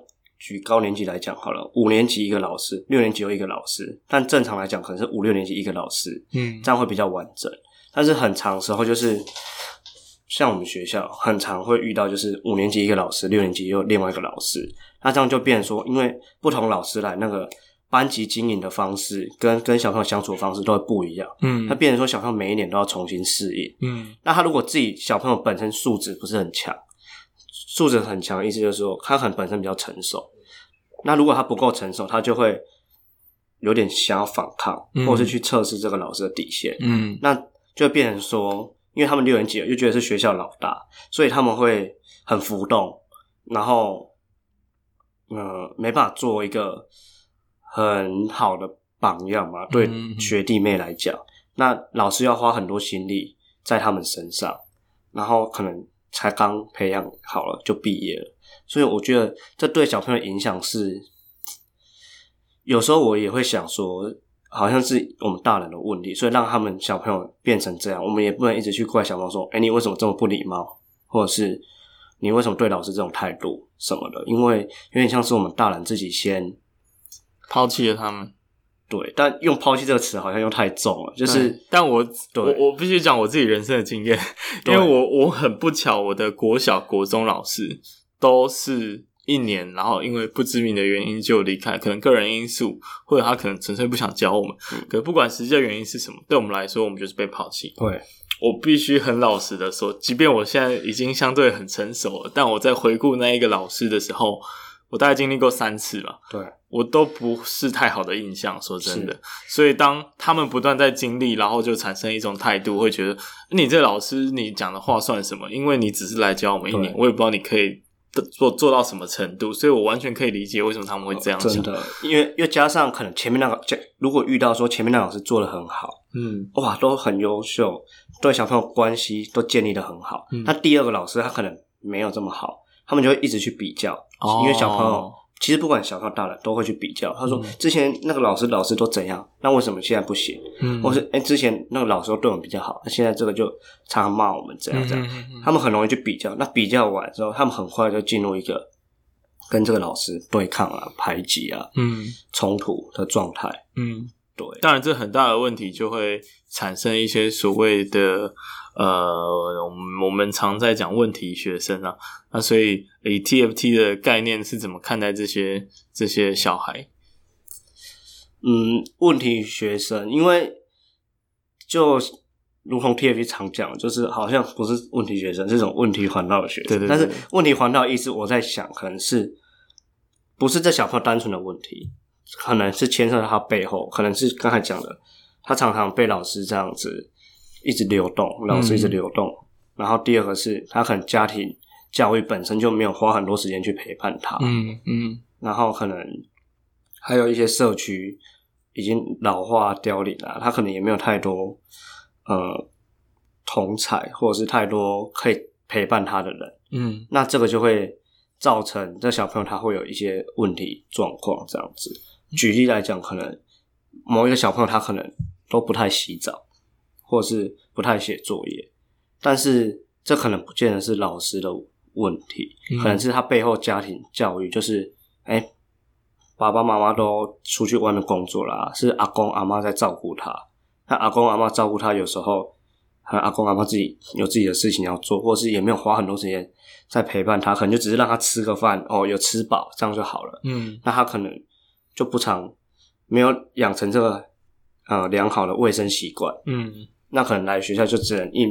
舉高年級來講好了，五年級一個老師，六年級又一個老師，但正常來講可能是五六年級一個老師，嗯，這樣會比較完整。但是很長時候就是，像我們學校很常會遇到就是五年級一個老師，六年級又另外一個老師，那這樣就變成說，因為不同老師來那個班級經營的方式，跟跟小朋友相處的方式都會不一樣，嗯，他變成說小朋友每一年都要重新適應，嗯，那他如果自己小朋友本身素質不是很強。素質很強，意思就是說他很本身比較成熟。那如果他不夠成熟，他就會有點想要反抗，或是去測試這個老師的底線。嗯，那就變成說，因為他們六年級又覺得是學校老大，所以他們會很浮動，然後呃沒辦法做一個很好的榜樣嘛。對學弟妹來講，嗯，那老師要花很多心力在他們身上，然後可能。才剛培養好了就畢業了，所以我覺得這對小朋友的影響是，有時候我也會想說，好像是我們大人的問題，所以讓他們小朋友變成這樣，我們也不能一直去怪小朋友說，哎，你為什麼這麼不禮貌，或者是你為什麼對老師這種態度什麼的，因為有點像是我們大人自己先拋棄了他們。對，但用拋棄這個詞好像又太重了。就是，對，但我對我我必須講我自己人生的經驗，對因為我我很不巧，我的國小、國中老師都是一年，然後因為不知名的原因就離開，可能個人因素，或者他可能純粹不想教我們。嗯，可是不管實際的原因是什麼，對我們來說，我們就是被拋棄。對，我必須很老實的說，即便我現在已經相對很成熟了，但我在回顧那一個老師的時候。我大概經歷過三次吧，對我都不是太好的印象。說真的，是所以當他們不斷在經歷，然後就產生一種態度，會覺得你這老師你講的話算什麼？因為你只是來教我們一年，對我也不知道你可以做做到什麼程度，所以我完全可以理解為什麼他們會這樣想哦。真的，因為又加上可能前面那個，如果遇到說前面那老師做的很好，嗯，哇，都很優秀，對小朋友關係都建立的很好，嗯，那第二個老師他可能沒有這麼好。他們就會一直去比較，因為小朋友、oh. 其實不管小朋友大人都會去比較。他說：“嗯、之前那個老師，老師都怎樣？那為什麼現在不行？嗯、或是誒、欸、之前那個老師都對我們比較好，那現在這個就常常罵我們這樣這樣。嗯嗯嗯嗯。”他們很容易去比較，那比較完之後，他們很快就進入一個跟這個老師對抗啊、排擠啊、嗯、衝突的狀態。嗯，對。當然，這很大的問題就會產生一些所謂的。呃，我們常在講問題學生啊，那所以以 TFT 的概念是怎麼看待這些這些小孩？嗯，問題學生，因為就如同 TFT 常講，就是好像不是問題學生，這種問題環繞的學生。對對對。但是問題環繞意思，我在想，可能是不是這小朋友單純的問題，可能是牽涉到他背後，可能是剛才講的，他常常被老師這樣子一直流動，然後是一直流動。嗯、然後第二個是他可能家庭教育本身就沒有花很多時間去陪伴他，嗯嗯。嗯，然後可能還有一些社區已經老化凋零了，他可能也沒有太多呃同儕或者是太多可以陪伴他的人，嗯。那這個就會造成這小朋友他會有一些問題狀況，這樣子。舉例來講，可能某一個小朋友他可能都不太洗澡。或是不太寫作業，但是這可能不見得是老師的問題，嗯。可能是他背後家庭教育就是，誒、欸、爸爸媽媽都出去外面工作啦，啊，是阿公阿媽在照顧他。那阿公阿媽照顧他，有時候，啊，阿公阿媽自己有自己的事情要做，或者是也沒有花很多時間在陪伴他，可能就只是讓他吃個飯哦，有吃飽這樣就好了。嗯，那他可能就不常沒有養成這個呃良好的衛生習慣。嗯。那可能來學校就只能硬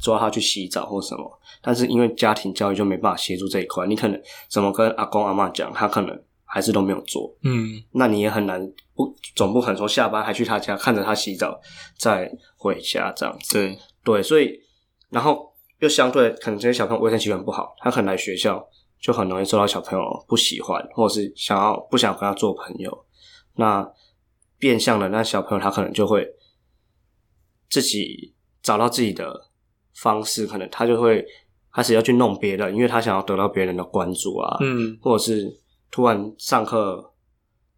抓他去洗澡或什麼，但是因為家庭教育就沒辦法協助這一塊，你可能怎麼跟阿公阿嬤講，他可能還是都沒有做。嗯，那你也很難不總不可能說下班還去他家看着他洗澡再回家這樣子。對、嗯，對，所以然後又相對可能這些小朋友衛生習慣不好，他可能來學校就很容易受到小朋友不喜歡，或者是想要不想跟他做朋友，那變相的那小朋友他可能就會。自己找到自己的方式，可能他就會開始要去弄別的，因為他想要得到別人的關注啊，嗯，或者是突然上課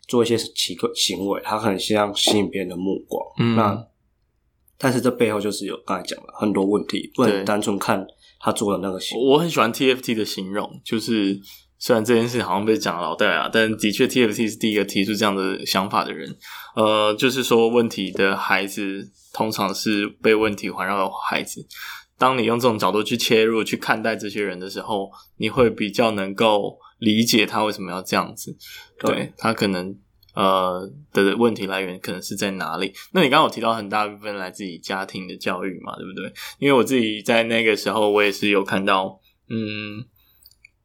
做一些奇怪行為，他可能希望吸引別人的目光。嗯、那但是這背後就是有剛才講了很多問題，不能單純看他做的那個行為。我很喜歡 TFT 的形容，就是雖然這件事好像被講老戴啊，但的確 TFT 是第一個提出這樣的想法的人。呃，就是說，問題的孩子，通常是被問題環繞的孩子。當你用這種角度去切入，去看待這些人的時候，你會比較能夠理解他為什麼要這樣子。Oh. 對，他可能呃的問題來源可能是在哪裡？那你剛剛有提到很大部分來自於家庭的教育嘛，對不對？因為我自己在那個時候，我也是有看到，嗯，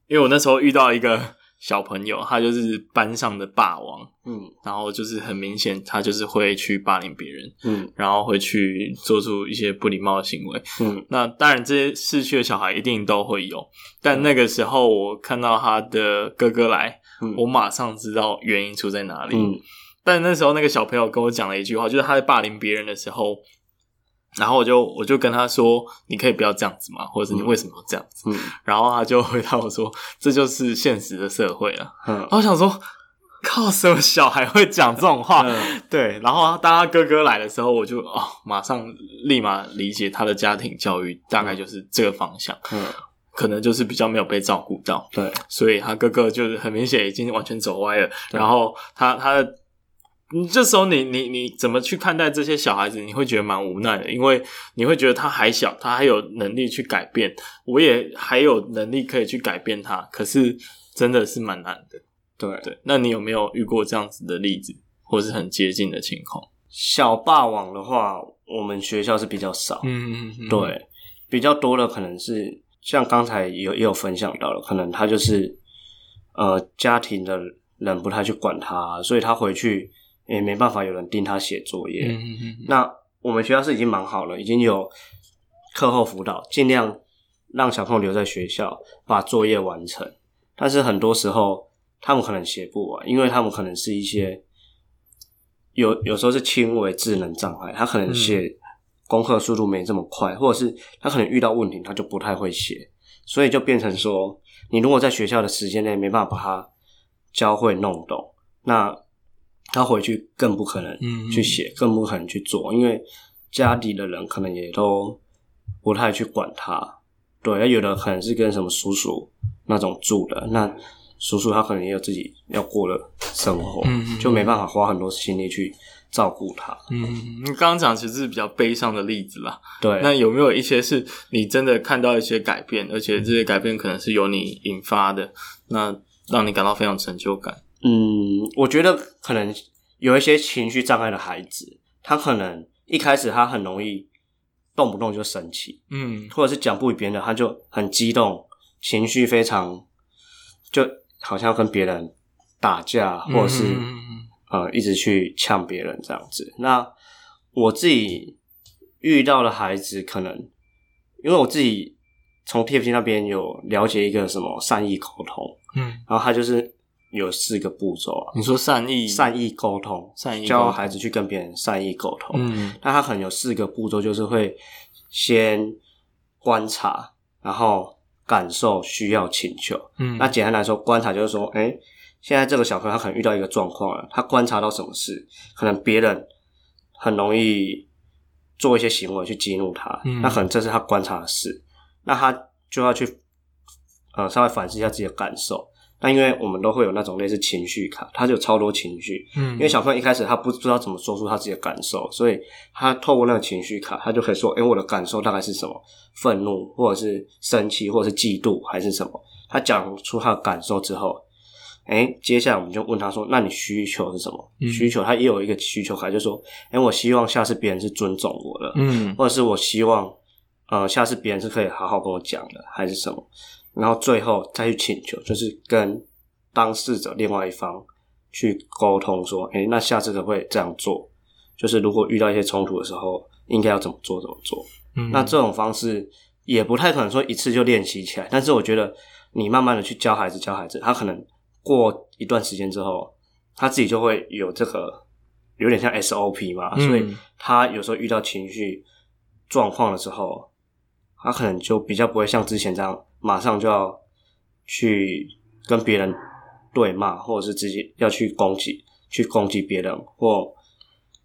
因為我那時候遇到一個小朋友，他就是班上的霸王。嗯，然後就是很明顯，他就是會去霸凌別人，嗯，然後會去做出一些不禮貌的行為，嗯。那當然，這些失去的小孩一定都會有，嗯、但那個時候我看到他的哥哥來，嗯、我馬上知道原因出在哪裡。嗯。但那時候那個小朋友跟我講了一句話，就是他在霸凌別人的時候，然後我就我就跟他說：“你可以不要這樣子嗎？或者是你為什麼要這樣子？”嗯。嗯，然後他就回答我說：“這就是現實的社會了。”嗯。然後我想說。靠什麼小孩會講這種話？嗯，對，然後當他哥哥來的時候，我就哦，馬上立馬理解他的家庭教育，嗯，大概就是這個方向，嗯，可能就是比較沒有被照顧到，對，所以他哥哥就是很明顯已經完全走歪了。對然後他他，你這時候你你你怎麼去看待這些小孩子？你會覺得蠻無奈的，因為你會覺得他還小，他還有能力去改變，我也還有能力可以去改變他，可是真的是蠻難的。對對，那你有沒有遇過這樣子的例子，或是很接近的情況？小霸王的話，我們學校是比較少，嗯，嗯對，比較多的可能是像剛才有也，也有分享到了，可能他就是呃，家庭的人不太去管他，啊，所以他回去也沒辦法有人盯他寫作業。嗯嗯嗯。嗯嗯，那我們學校是已經蠻好了，已經有課後輔導，儘量讓小朋友留在學校把作業完成，但是很多時候。他們可能寫不完，因為他們可能是一些有有時候是輕微智能障礙，他可能寫功課速度沒這麼快，嗯、或者是他可能遇到問題，他就不太會寫，所以就變成說，你如果在學校的時間內沒辦法把他教會弄懂，那他回去更不可能去寫，嗯、更不可能去做，因為家裡的人可能也都不太去管他，對，有的可能是跟什麼叔叔那種住的那。叔叔他可能也有自己要過的生活，嗯，就沒辦法花很多心力去照顧他。嗯，你剛剛講其實是比較悲傷的例子啦。對了。那有沒有一些是你真的看到一些改變，而且這些改變可能是由你引發的，那讓你感到非常成就感？嗯，我覺得可能有一些情緒障礙的孩子，他可能一開始他很容易動不動就生氣，嗯，或者是講不語別人的他就很激動，情緒非常就。好像要跟別人打架，或者是、嗯、呃一直去嗆別人這樣子。那我自己遇到的孩子，可能因為我自己從 TFT 那邊有了解一個什麼善意溝通，嗯，然後他就是有四個步驟啊。你說善意，善意溝通，善意教孩子去跟別人善意溝通，嗯，那他可能有四個步驟，就是會先觀察，然後。感受、需要、請求，嗯，那簡單來說，觀察就是說，哎、欸，現在這個小朋友他可能遇到一個狀況了，他觀察到什麼事？可能別人很容易做一些行為去激怒他，嗯、那可能這是他觀察的事，那他就要去，呃，稍微反思一下自己的感受。但因為我們都會有那種類似情緒卡，他就有超多情緒。嗯，因為小朋友一開始他不知道怎麼說出他自己的感受，所以他透過那個情緒卡，他就可以說：“哎、欸，我的感受大概是什麼？憤怒，或者是生氣，或者是嫉妒，還是什麼？”他講出他的感受之後，哎、欸，接下來我們就問他說：“那你需求是什麼？嗯、需求？”他也有一個需求卡，就說：“哎、欸，我希望下次別人是尊重我的，嗯，或者是我希望，呃，下次別人是可以好好跟我講的，還是什麼？”然後最後再去請求，就是跟當事者另外一方去溝通，說，誒、欸，那下次就會這樣做，就是如果遇到一些衝突的時候，應該要怎麼做？怎麼做？嗯，那這種方式也不太可能說一次就練習起來，但是我覺得你慢慢的去教孩子，教孩子，他可能過一段時間之後，他自己就會有這個，有點像 SOP 嘛，嗯、所以他有時候遇到情緒狀況的時候，他可能就比較不會像之前這樣。馬上就要去跟別人對罵，或者是直接要去攻擊，去攻擊別人，或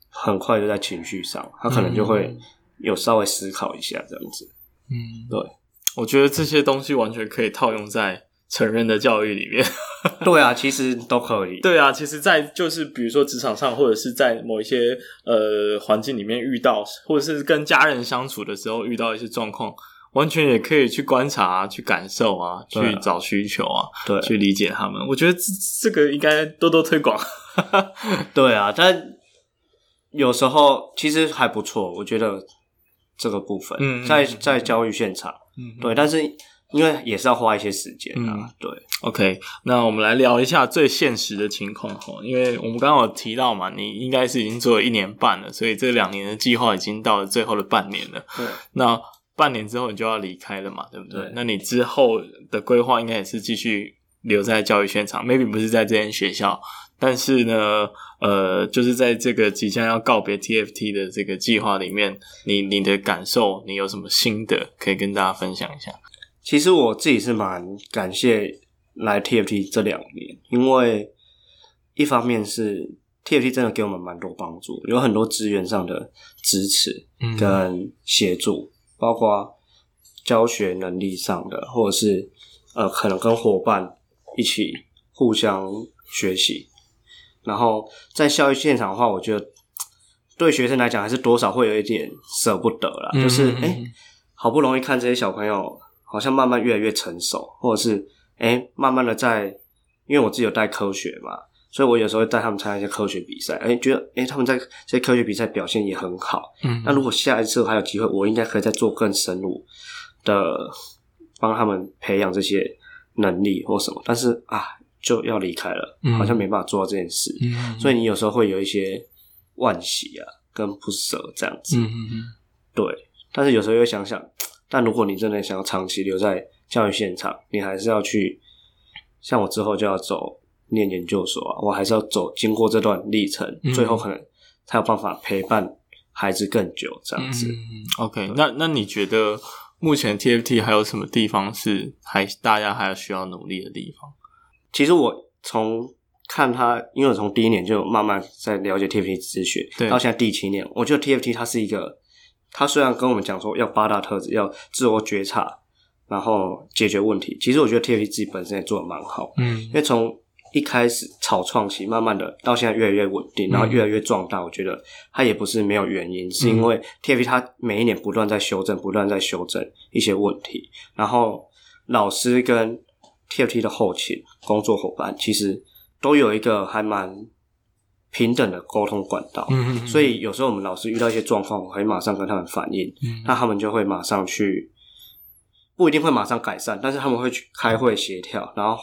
很快就在情緒上，他可能就會有稍微思考一下這樣子。嗯，對，我覺得這些東西完全可以套用在成人的教育裡面。 對啊，其實都可以。對啊，其實，在就是比如說職場上，或者是在某一些呃環境裡面遇到，或者是跟家人相處的時候遇到一些狀況。完全也可以去觀察啊，去感受啊，去找需求啊，對啊，去理解他們。對我覺得這，這個應該多多推廣。 對啊，但有時候其實還不錯。我覺得這個部分嗯嗯在在教育現場，嗯嗯對，但是因為也是要花一些時間啊。嗯、對，OK，那我們來聊一下最現實的情況哈，嗯、因為我們剛剛有提到嘛，你應該是已經做了一年半了，所以這兩年的計劃已經到了最後的半年了。嗯、那。半年之後你就要離開了嘛，對不對？對，那你之後的規劃應該也是繼續留在教育現場，maybe 不是在這間學校，但是呢，呃，就是在這個即將要告別 TFT 的這個計劃裡面，你你的感受，你有什麼心得可以跟大家分享一下？其實我自己是蠻感謝來 TFT 這兩年，因為一方面是 TFT 真的給我們蠻多幫助，有很多資源上的支持跟協助。嗯包括教學能力上的，或者是呃，可能跟伙伴一起互相學習，然後在校園現場的話，我覺得對學生來講還是多少會有一點捨不得啦，嗯嗯嗯嗯，就是哎、欸，好不容易看這些小朋友好像慢慢越來越成熟，或者是哎、欸，慢慢的在，因為我自己有帶科學嘛。所以我有時候會帶他們參加一些科學比賽，哎、欸，覺得哎、欸，他們在這些科學比賽表現也很好。嗯，那如果下一次我還有機會，我應該可以再做更深入的幫他們培養這些能力或什麼。但是啊，就要離開了，好像沒辦法做到這件事。嗯，嗯嗯嗯，所以你有時候會有一些惋惜啊，跟不舍這樣子。嗯嗯嗯，對。但是有時候又想想，但如果你真的想要長期留在教育現場，你還是要去，像我之後就要走。念研究所啊，我還是要走，經過這段歷程，嗯、最後可能才有辦法陪伴孩子更久這樣子。嗯、對 OK，那那你覺得目前 TFT 還有什麼地方是還大家還需要努力的地方？其實我從看他，因為我從第一年就慢慢在了解 TFT 諮詢，對到現在第七年，我覺得 TFT 它是一個，它雖然跟我們講說要八大特質，要自我覺察，然後解決問題，其實我覺得 TFT 自己本身也做得蠻好。嗯，因為從一開始草創期，慢慢的到現在越來越穩定，然後越來越壯大。嗯、我覺得它也不是沒有原因，嗯、是因為 TFT 它每一年不斷在修正，不斷在修正一些問題。然後老師跟 TFT 的後勤工作伙伴其實都有一個還蠻平等的溝通管道。嗯嗯嗯嗯，所以有時候我們老師遇到一些狀況，我可以馬上跟他們反映，嗯嗯，那他們就會馬上去，不一定會馬上改善，但是他們會去開會協調，嗯、然後。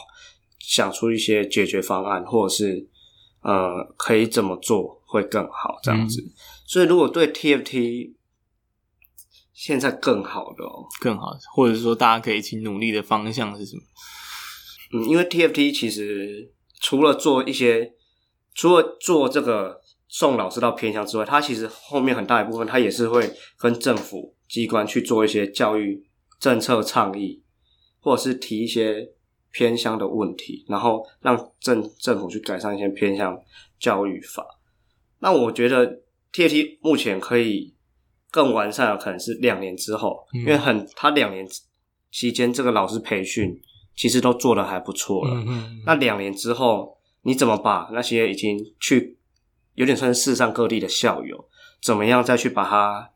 想出一些解決方案，或者是呃，可以怎麼做會更好？這樣子。嗯、所以，如果對 TFT 現在更好的、哦，更好，或者說大家可以一起努力的方向是什麼？嗯，因為 TFT 其實除了做一些，除了做這個送老師到偏鄉之外，它其實後面很大一部分，它也是會跟政府機關去做一些教育政策倡議，或者是提一些。偏鄉的問題，然後讓政政府去改善一些偏鄉教育法。那我覺得 TFT 目前可以更完善的可能是兩年之後，嗯、因為很它兩年期間這個老師培訓其實都做得還不錯了。嗯，嗯，嗯，那兩年之後你怎麼把那些已經去有點算是世上各地的校友怎麼樣再去把它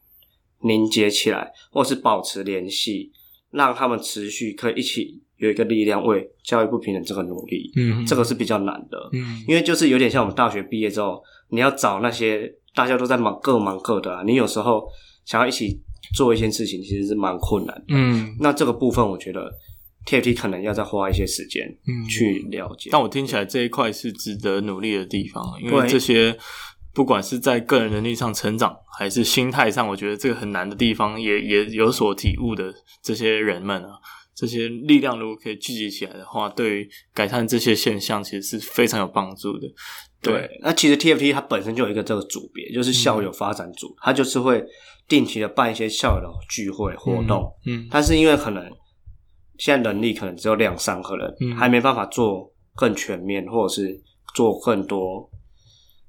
凝結起來，或是保持聯繫，讓他們持續可以一起。有一個力量為教育不平等這個努力，嗯，這個是比較難的，嗯，因為就是有點像我們大學畢業之後，嗯，你要找那些大家都在忙各忙各的啊，你有時候想要一起做一些事情，其實是蠻困難的，嗯。那這個部分，我覺得 TFT 可能要再花一些時間去了解，嗯。但我聽起來這一塊是值得努力的地方，對因為，因為這些不管是在個人能力上成長，還是心態上，我覺得這個很難的地方也，也也有所體悟的這些人們啊。這些力量如果可以聚集起來的話，對於改善這些現象其實是非常有幫助的。對，對那其實 TFT 它本身就有一個這個組別，就是校友發展組，嗯、它就是會定期的辦一些校友的聚會活動。嗯，嗯但是因為可能現在能力可能只有兩三個人，嗯、還沒辦法做更全面，或者是做更多。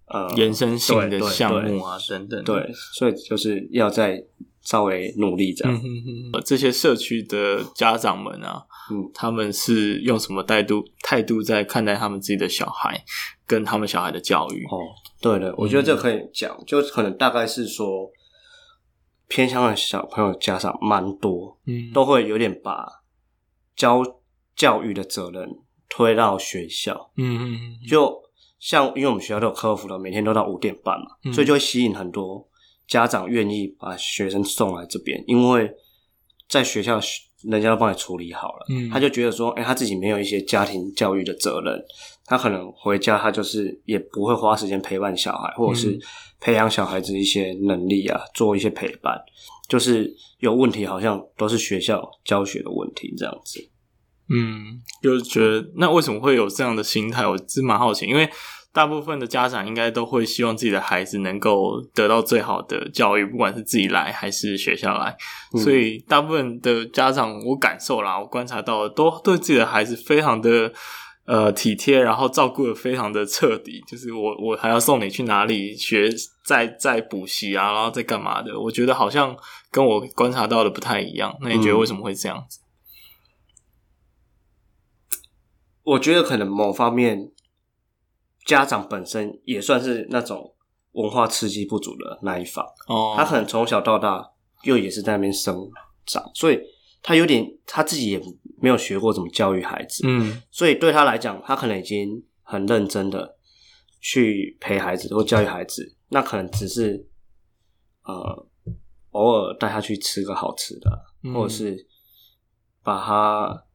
呃，延伸性的項目啊，對對對等等的。對，所以就是要再稍微努力這樣。嗯嗯嗯嗯、這些社區的家長們啊，嗯，他們是用什麼態度態度在看待他們自己的小孩跟他們小孩的教育？哦，對的，我覺得這可以講，嗯、就可能大概是說，偏鄉的小朋友家長蠻多，嗯，都會有點把教教育的責任推到學校，嗯，嗯，嗯，就。像，因為我們學校都有課輔的，每天都到五點半嘛，嗯、所以就會吸引很多家長願意把學生送來這邊。因為在學校，人家都幫你處理好了，嗯、他就覺得說，哎、欸，他自己沒有一些家庭教育的責任，他可能回家他就是也不會花時間陪伴小孩，或者是培養小孩子一些能力啊，做一些陪伴。就是有問題，好像都是學校教學的問題這樣子。嗯，就是覺得，那為什麼會有這樣的心態？我是蠻好奇，因為大部分的家長應該都會希望自己的孩子能夠得到最好的教育，不管是自己來還是學校來。嗯、所以大部分的家長，我感受啦，我觀察到的都對自己的孩子非常的呃體貼，然後照顧的非常的徹底。就是我我還要送你去哪裡學，再再補習啊，然後再幹嘛的。我覺得好像跟我觀察到的不太一樣。那你覺得為什麼會這樣子？嗯我覺得可能某方面，家長本身也算是那種文化刺激不足的那一方。哦，他可能從小到大又也是在那邊生長，所以他有點他自己也沒有學過怎麼教育孩子。嗯，所以對他來講，他可能已經很認真的去陪孩子或教育孩子，那可能只是呃偶爾帶他去吃個好吃的，或者是把他。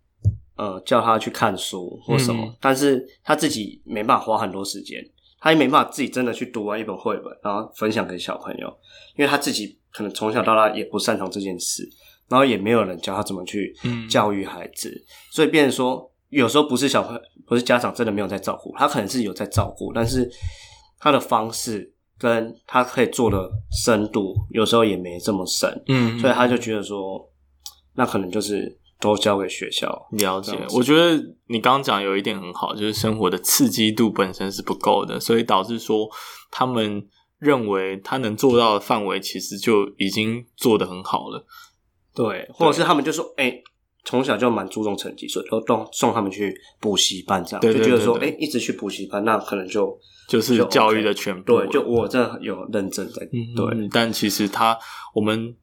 呃，叫他去看書或什麼，嗯嗯，但是他自己沒辦法花很多時間，他也沒辦法自己真的去讀完一本繪本，然後分享給小朋友，因為他自己可能從小到大也不擅長這件事，然後也沒有人教他怎麼去教育孩子，嗯，所以變成說，有時候不是小孩，不是家長真的沒有在照顧，他可能是有在照顧，但是他的方式跟他可以做的深度，有時候也沒這麼深，嗯，嗯，所以他就覺得說，那可能就是。都交給學校，了解。我覺得你剛剛講有一點很好，就是生活的刺激度本身是不夠的，對所以導致說他們認為他能做到的範圍其實就已經做得很好了。對，或者是他們就說，哎對，欸、從小就蠻注重成績，所以都都送他們去補習班這樣，對對對對就覺得說，哎、欸，一直去補習班，那可能就就是教育的全部。對，就我這有認證。在對。對、嗯，但其實他我們。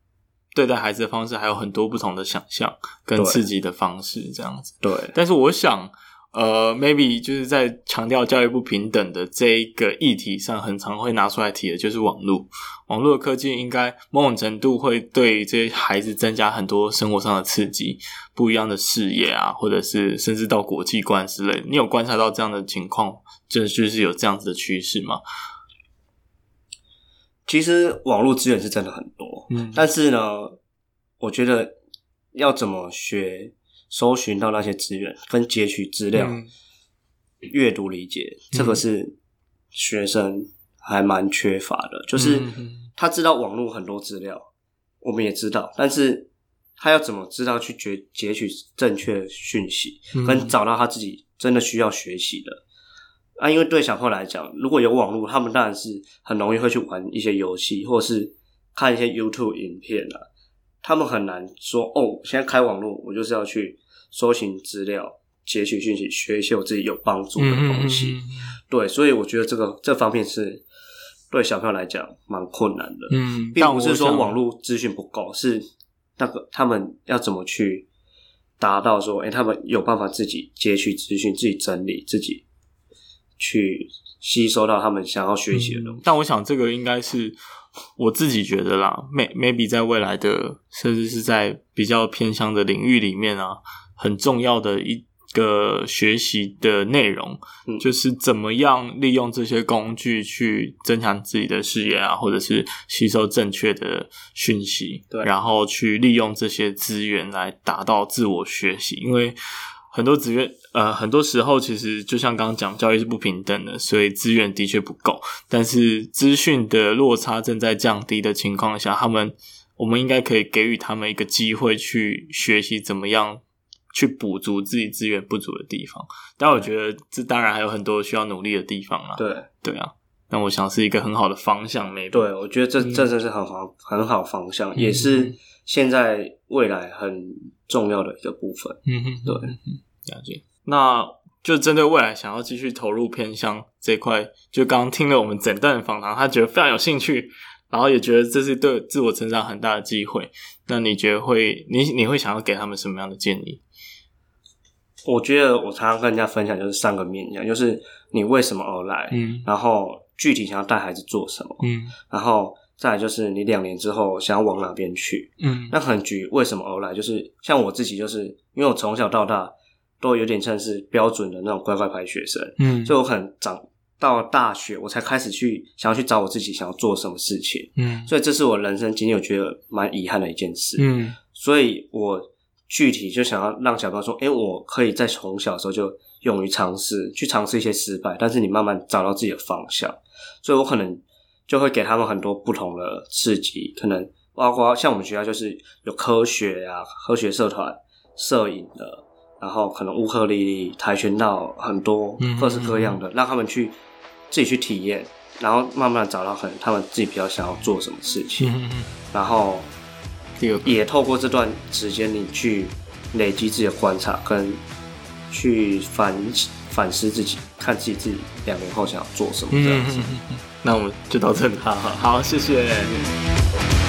對待孩子的方式還有很多不同的想象跟刺激的方式，這樣子。對，對。但是我想，呃，maybe 就是在強調教育不平等的這一個議題上，很常會拿出來提的就是網絡。網絡的科技應該某種程度會對這些孩子增加很多生活上的刺激，不一樣的視野啊，或者是甚至到國際觀之類。你有觀察到這樣的情況，就是有這樣子的趨勢嗎？其實網絡資源是真的很多，嗯，但是呢，我覺得要怎麼學搜尋到那些資源，跟截取資料、閱讀理解，嗯，這個是學生還蠻缺乏的。嗯，就是他知道網絡很多資料，我們也知道，但是他要怎麼知道去截截取正確的訊息，跟找到他自己真的需要學習的。啊，因為對小朋友來講，如果有網絡，他們當然是很容易會去玩一些遊戲，或者是看一些 YouTube 影片啊。他們很難說哦，現在開網絡，我就是要去搜尋資料、截取訊息、學一些我自己有幫助的東西。嗯嗯嗯嗯對，所以我覺得這個這方面是對小朋友來講蠻困難的。嗯，並不是說網絡資訊不夠，是那個他們要怎麼去達到說，哎，他們有辦法自己截取資訊、自己整理、自己。去吸收到他們想要學習的東西。嗯，但我想這個應該是我自己覺得啦。Maybe 在未來的，甚至是在比較偏向的領域裡面啊，很重要的一個學習的內容，嗯，就是怎麼樣利用這些工具去增強自己的視野啊，或者是吸收正確的訊息，對，然後去利用這些資源來達到自我學習，因為。很多資源，呃，很多時候其實就像剛剛講，教育是不平等的，所以資源的確不夠。但是資訊的落差正在降低的情況下，他們，我們應該可以給予他們一個機會去學習怎麼樣去補足自己資源不足的地方。但我覺得這當然還有很多需要努力的地方啊。對，對啊。但我想是一個很好的方向，沒？對，我覺得這這真是很好，嗯、很好方向，也是現在未來很重要的一個部分。嗯嗯，對。嗯那就針對未來想要繼續投入偏鄉這塊，就剛聽了我們整段訪談，他覺得非常有興趣，然後也覺得這是對自我成長很大的機會。那你覺得會你你會想要給他們什麼樣的建議？我覺得我常常跟人家分享就是三個面向，就是你為什麼而來，嗯、然後具體想要帶孩子做什麼，嗯、然後再來就是你兩年之後想要往哪邊去，嗯、那很舉為什麼而來，就是像我自己，就是因為我從小到大。都有點像是標準的那種乖乖牌學生，嗯，所以我可能長到了大學，我才開始去想要去找我自己想要做什麼事情，嗯，所以這是我人生僅有覺得蠻遺憾的一件事，嗯，所以我具體就想要讓小朋友說，哎、欸，我可以在從小的時候就勇於嘗試，去嘗試一些失敗，但是你慢慢找到自己的方向，所以我可能就會給他們很多不同的刺激，可能包括像我們學校就是有科學啊，科學社團、攝影的。然後可能烏克麗麗、跆拳道很多，各式各樣的，嗯嗯、讓他們去自己去體驗，然後慢慢找到很他們自己比較想要做什麼事情，嗯嗯、然後也透過這段時間，你去累積自己的觀察跟去反反思自己，看自己自己兩年後想要做什麼這樣子。那我們就到這了好了，好好、嗯、好，謝謝。謝謝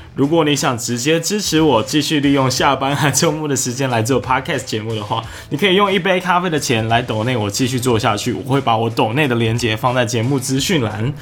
如果你想直接支持我，繼續利用下班和周末的時間來做 podcast 節目的話，你可以用一杯咖啡的錢來斗內我繼續做下去。我會把我斗內的連結放在節目資訊欄。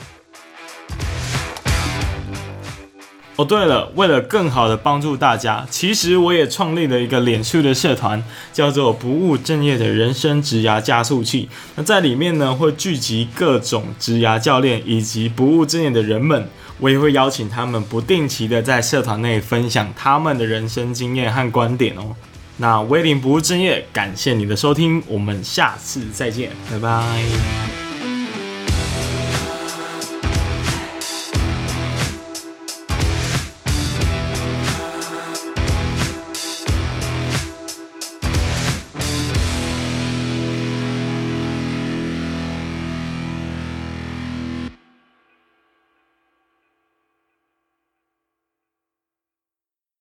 哦，oh, 對了，為了更好的幫助大家，其實我也創立了一個臉書的社團，叫做“不務正業的人生職涯加速器”。那在裡面呢，會聚集各種職涯教練以及不務正業的人們，我也會邀請他們不定期的在社團內分享他們的人生經驗和觀點哦。那威廉不務正業，感謝你的收聽，我們下次再見，拜拜。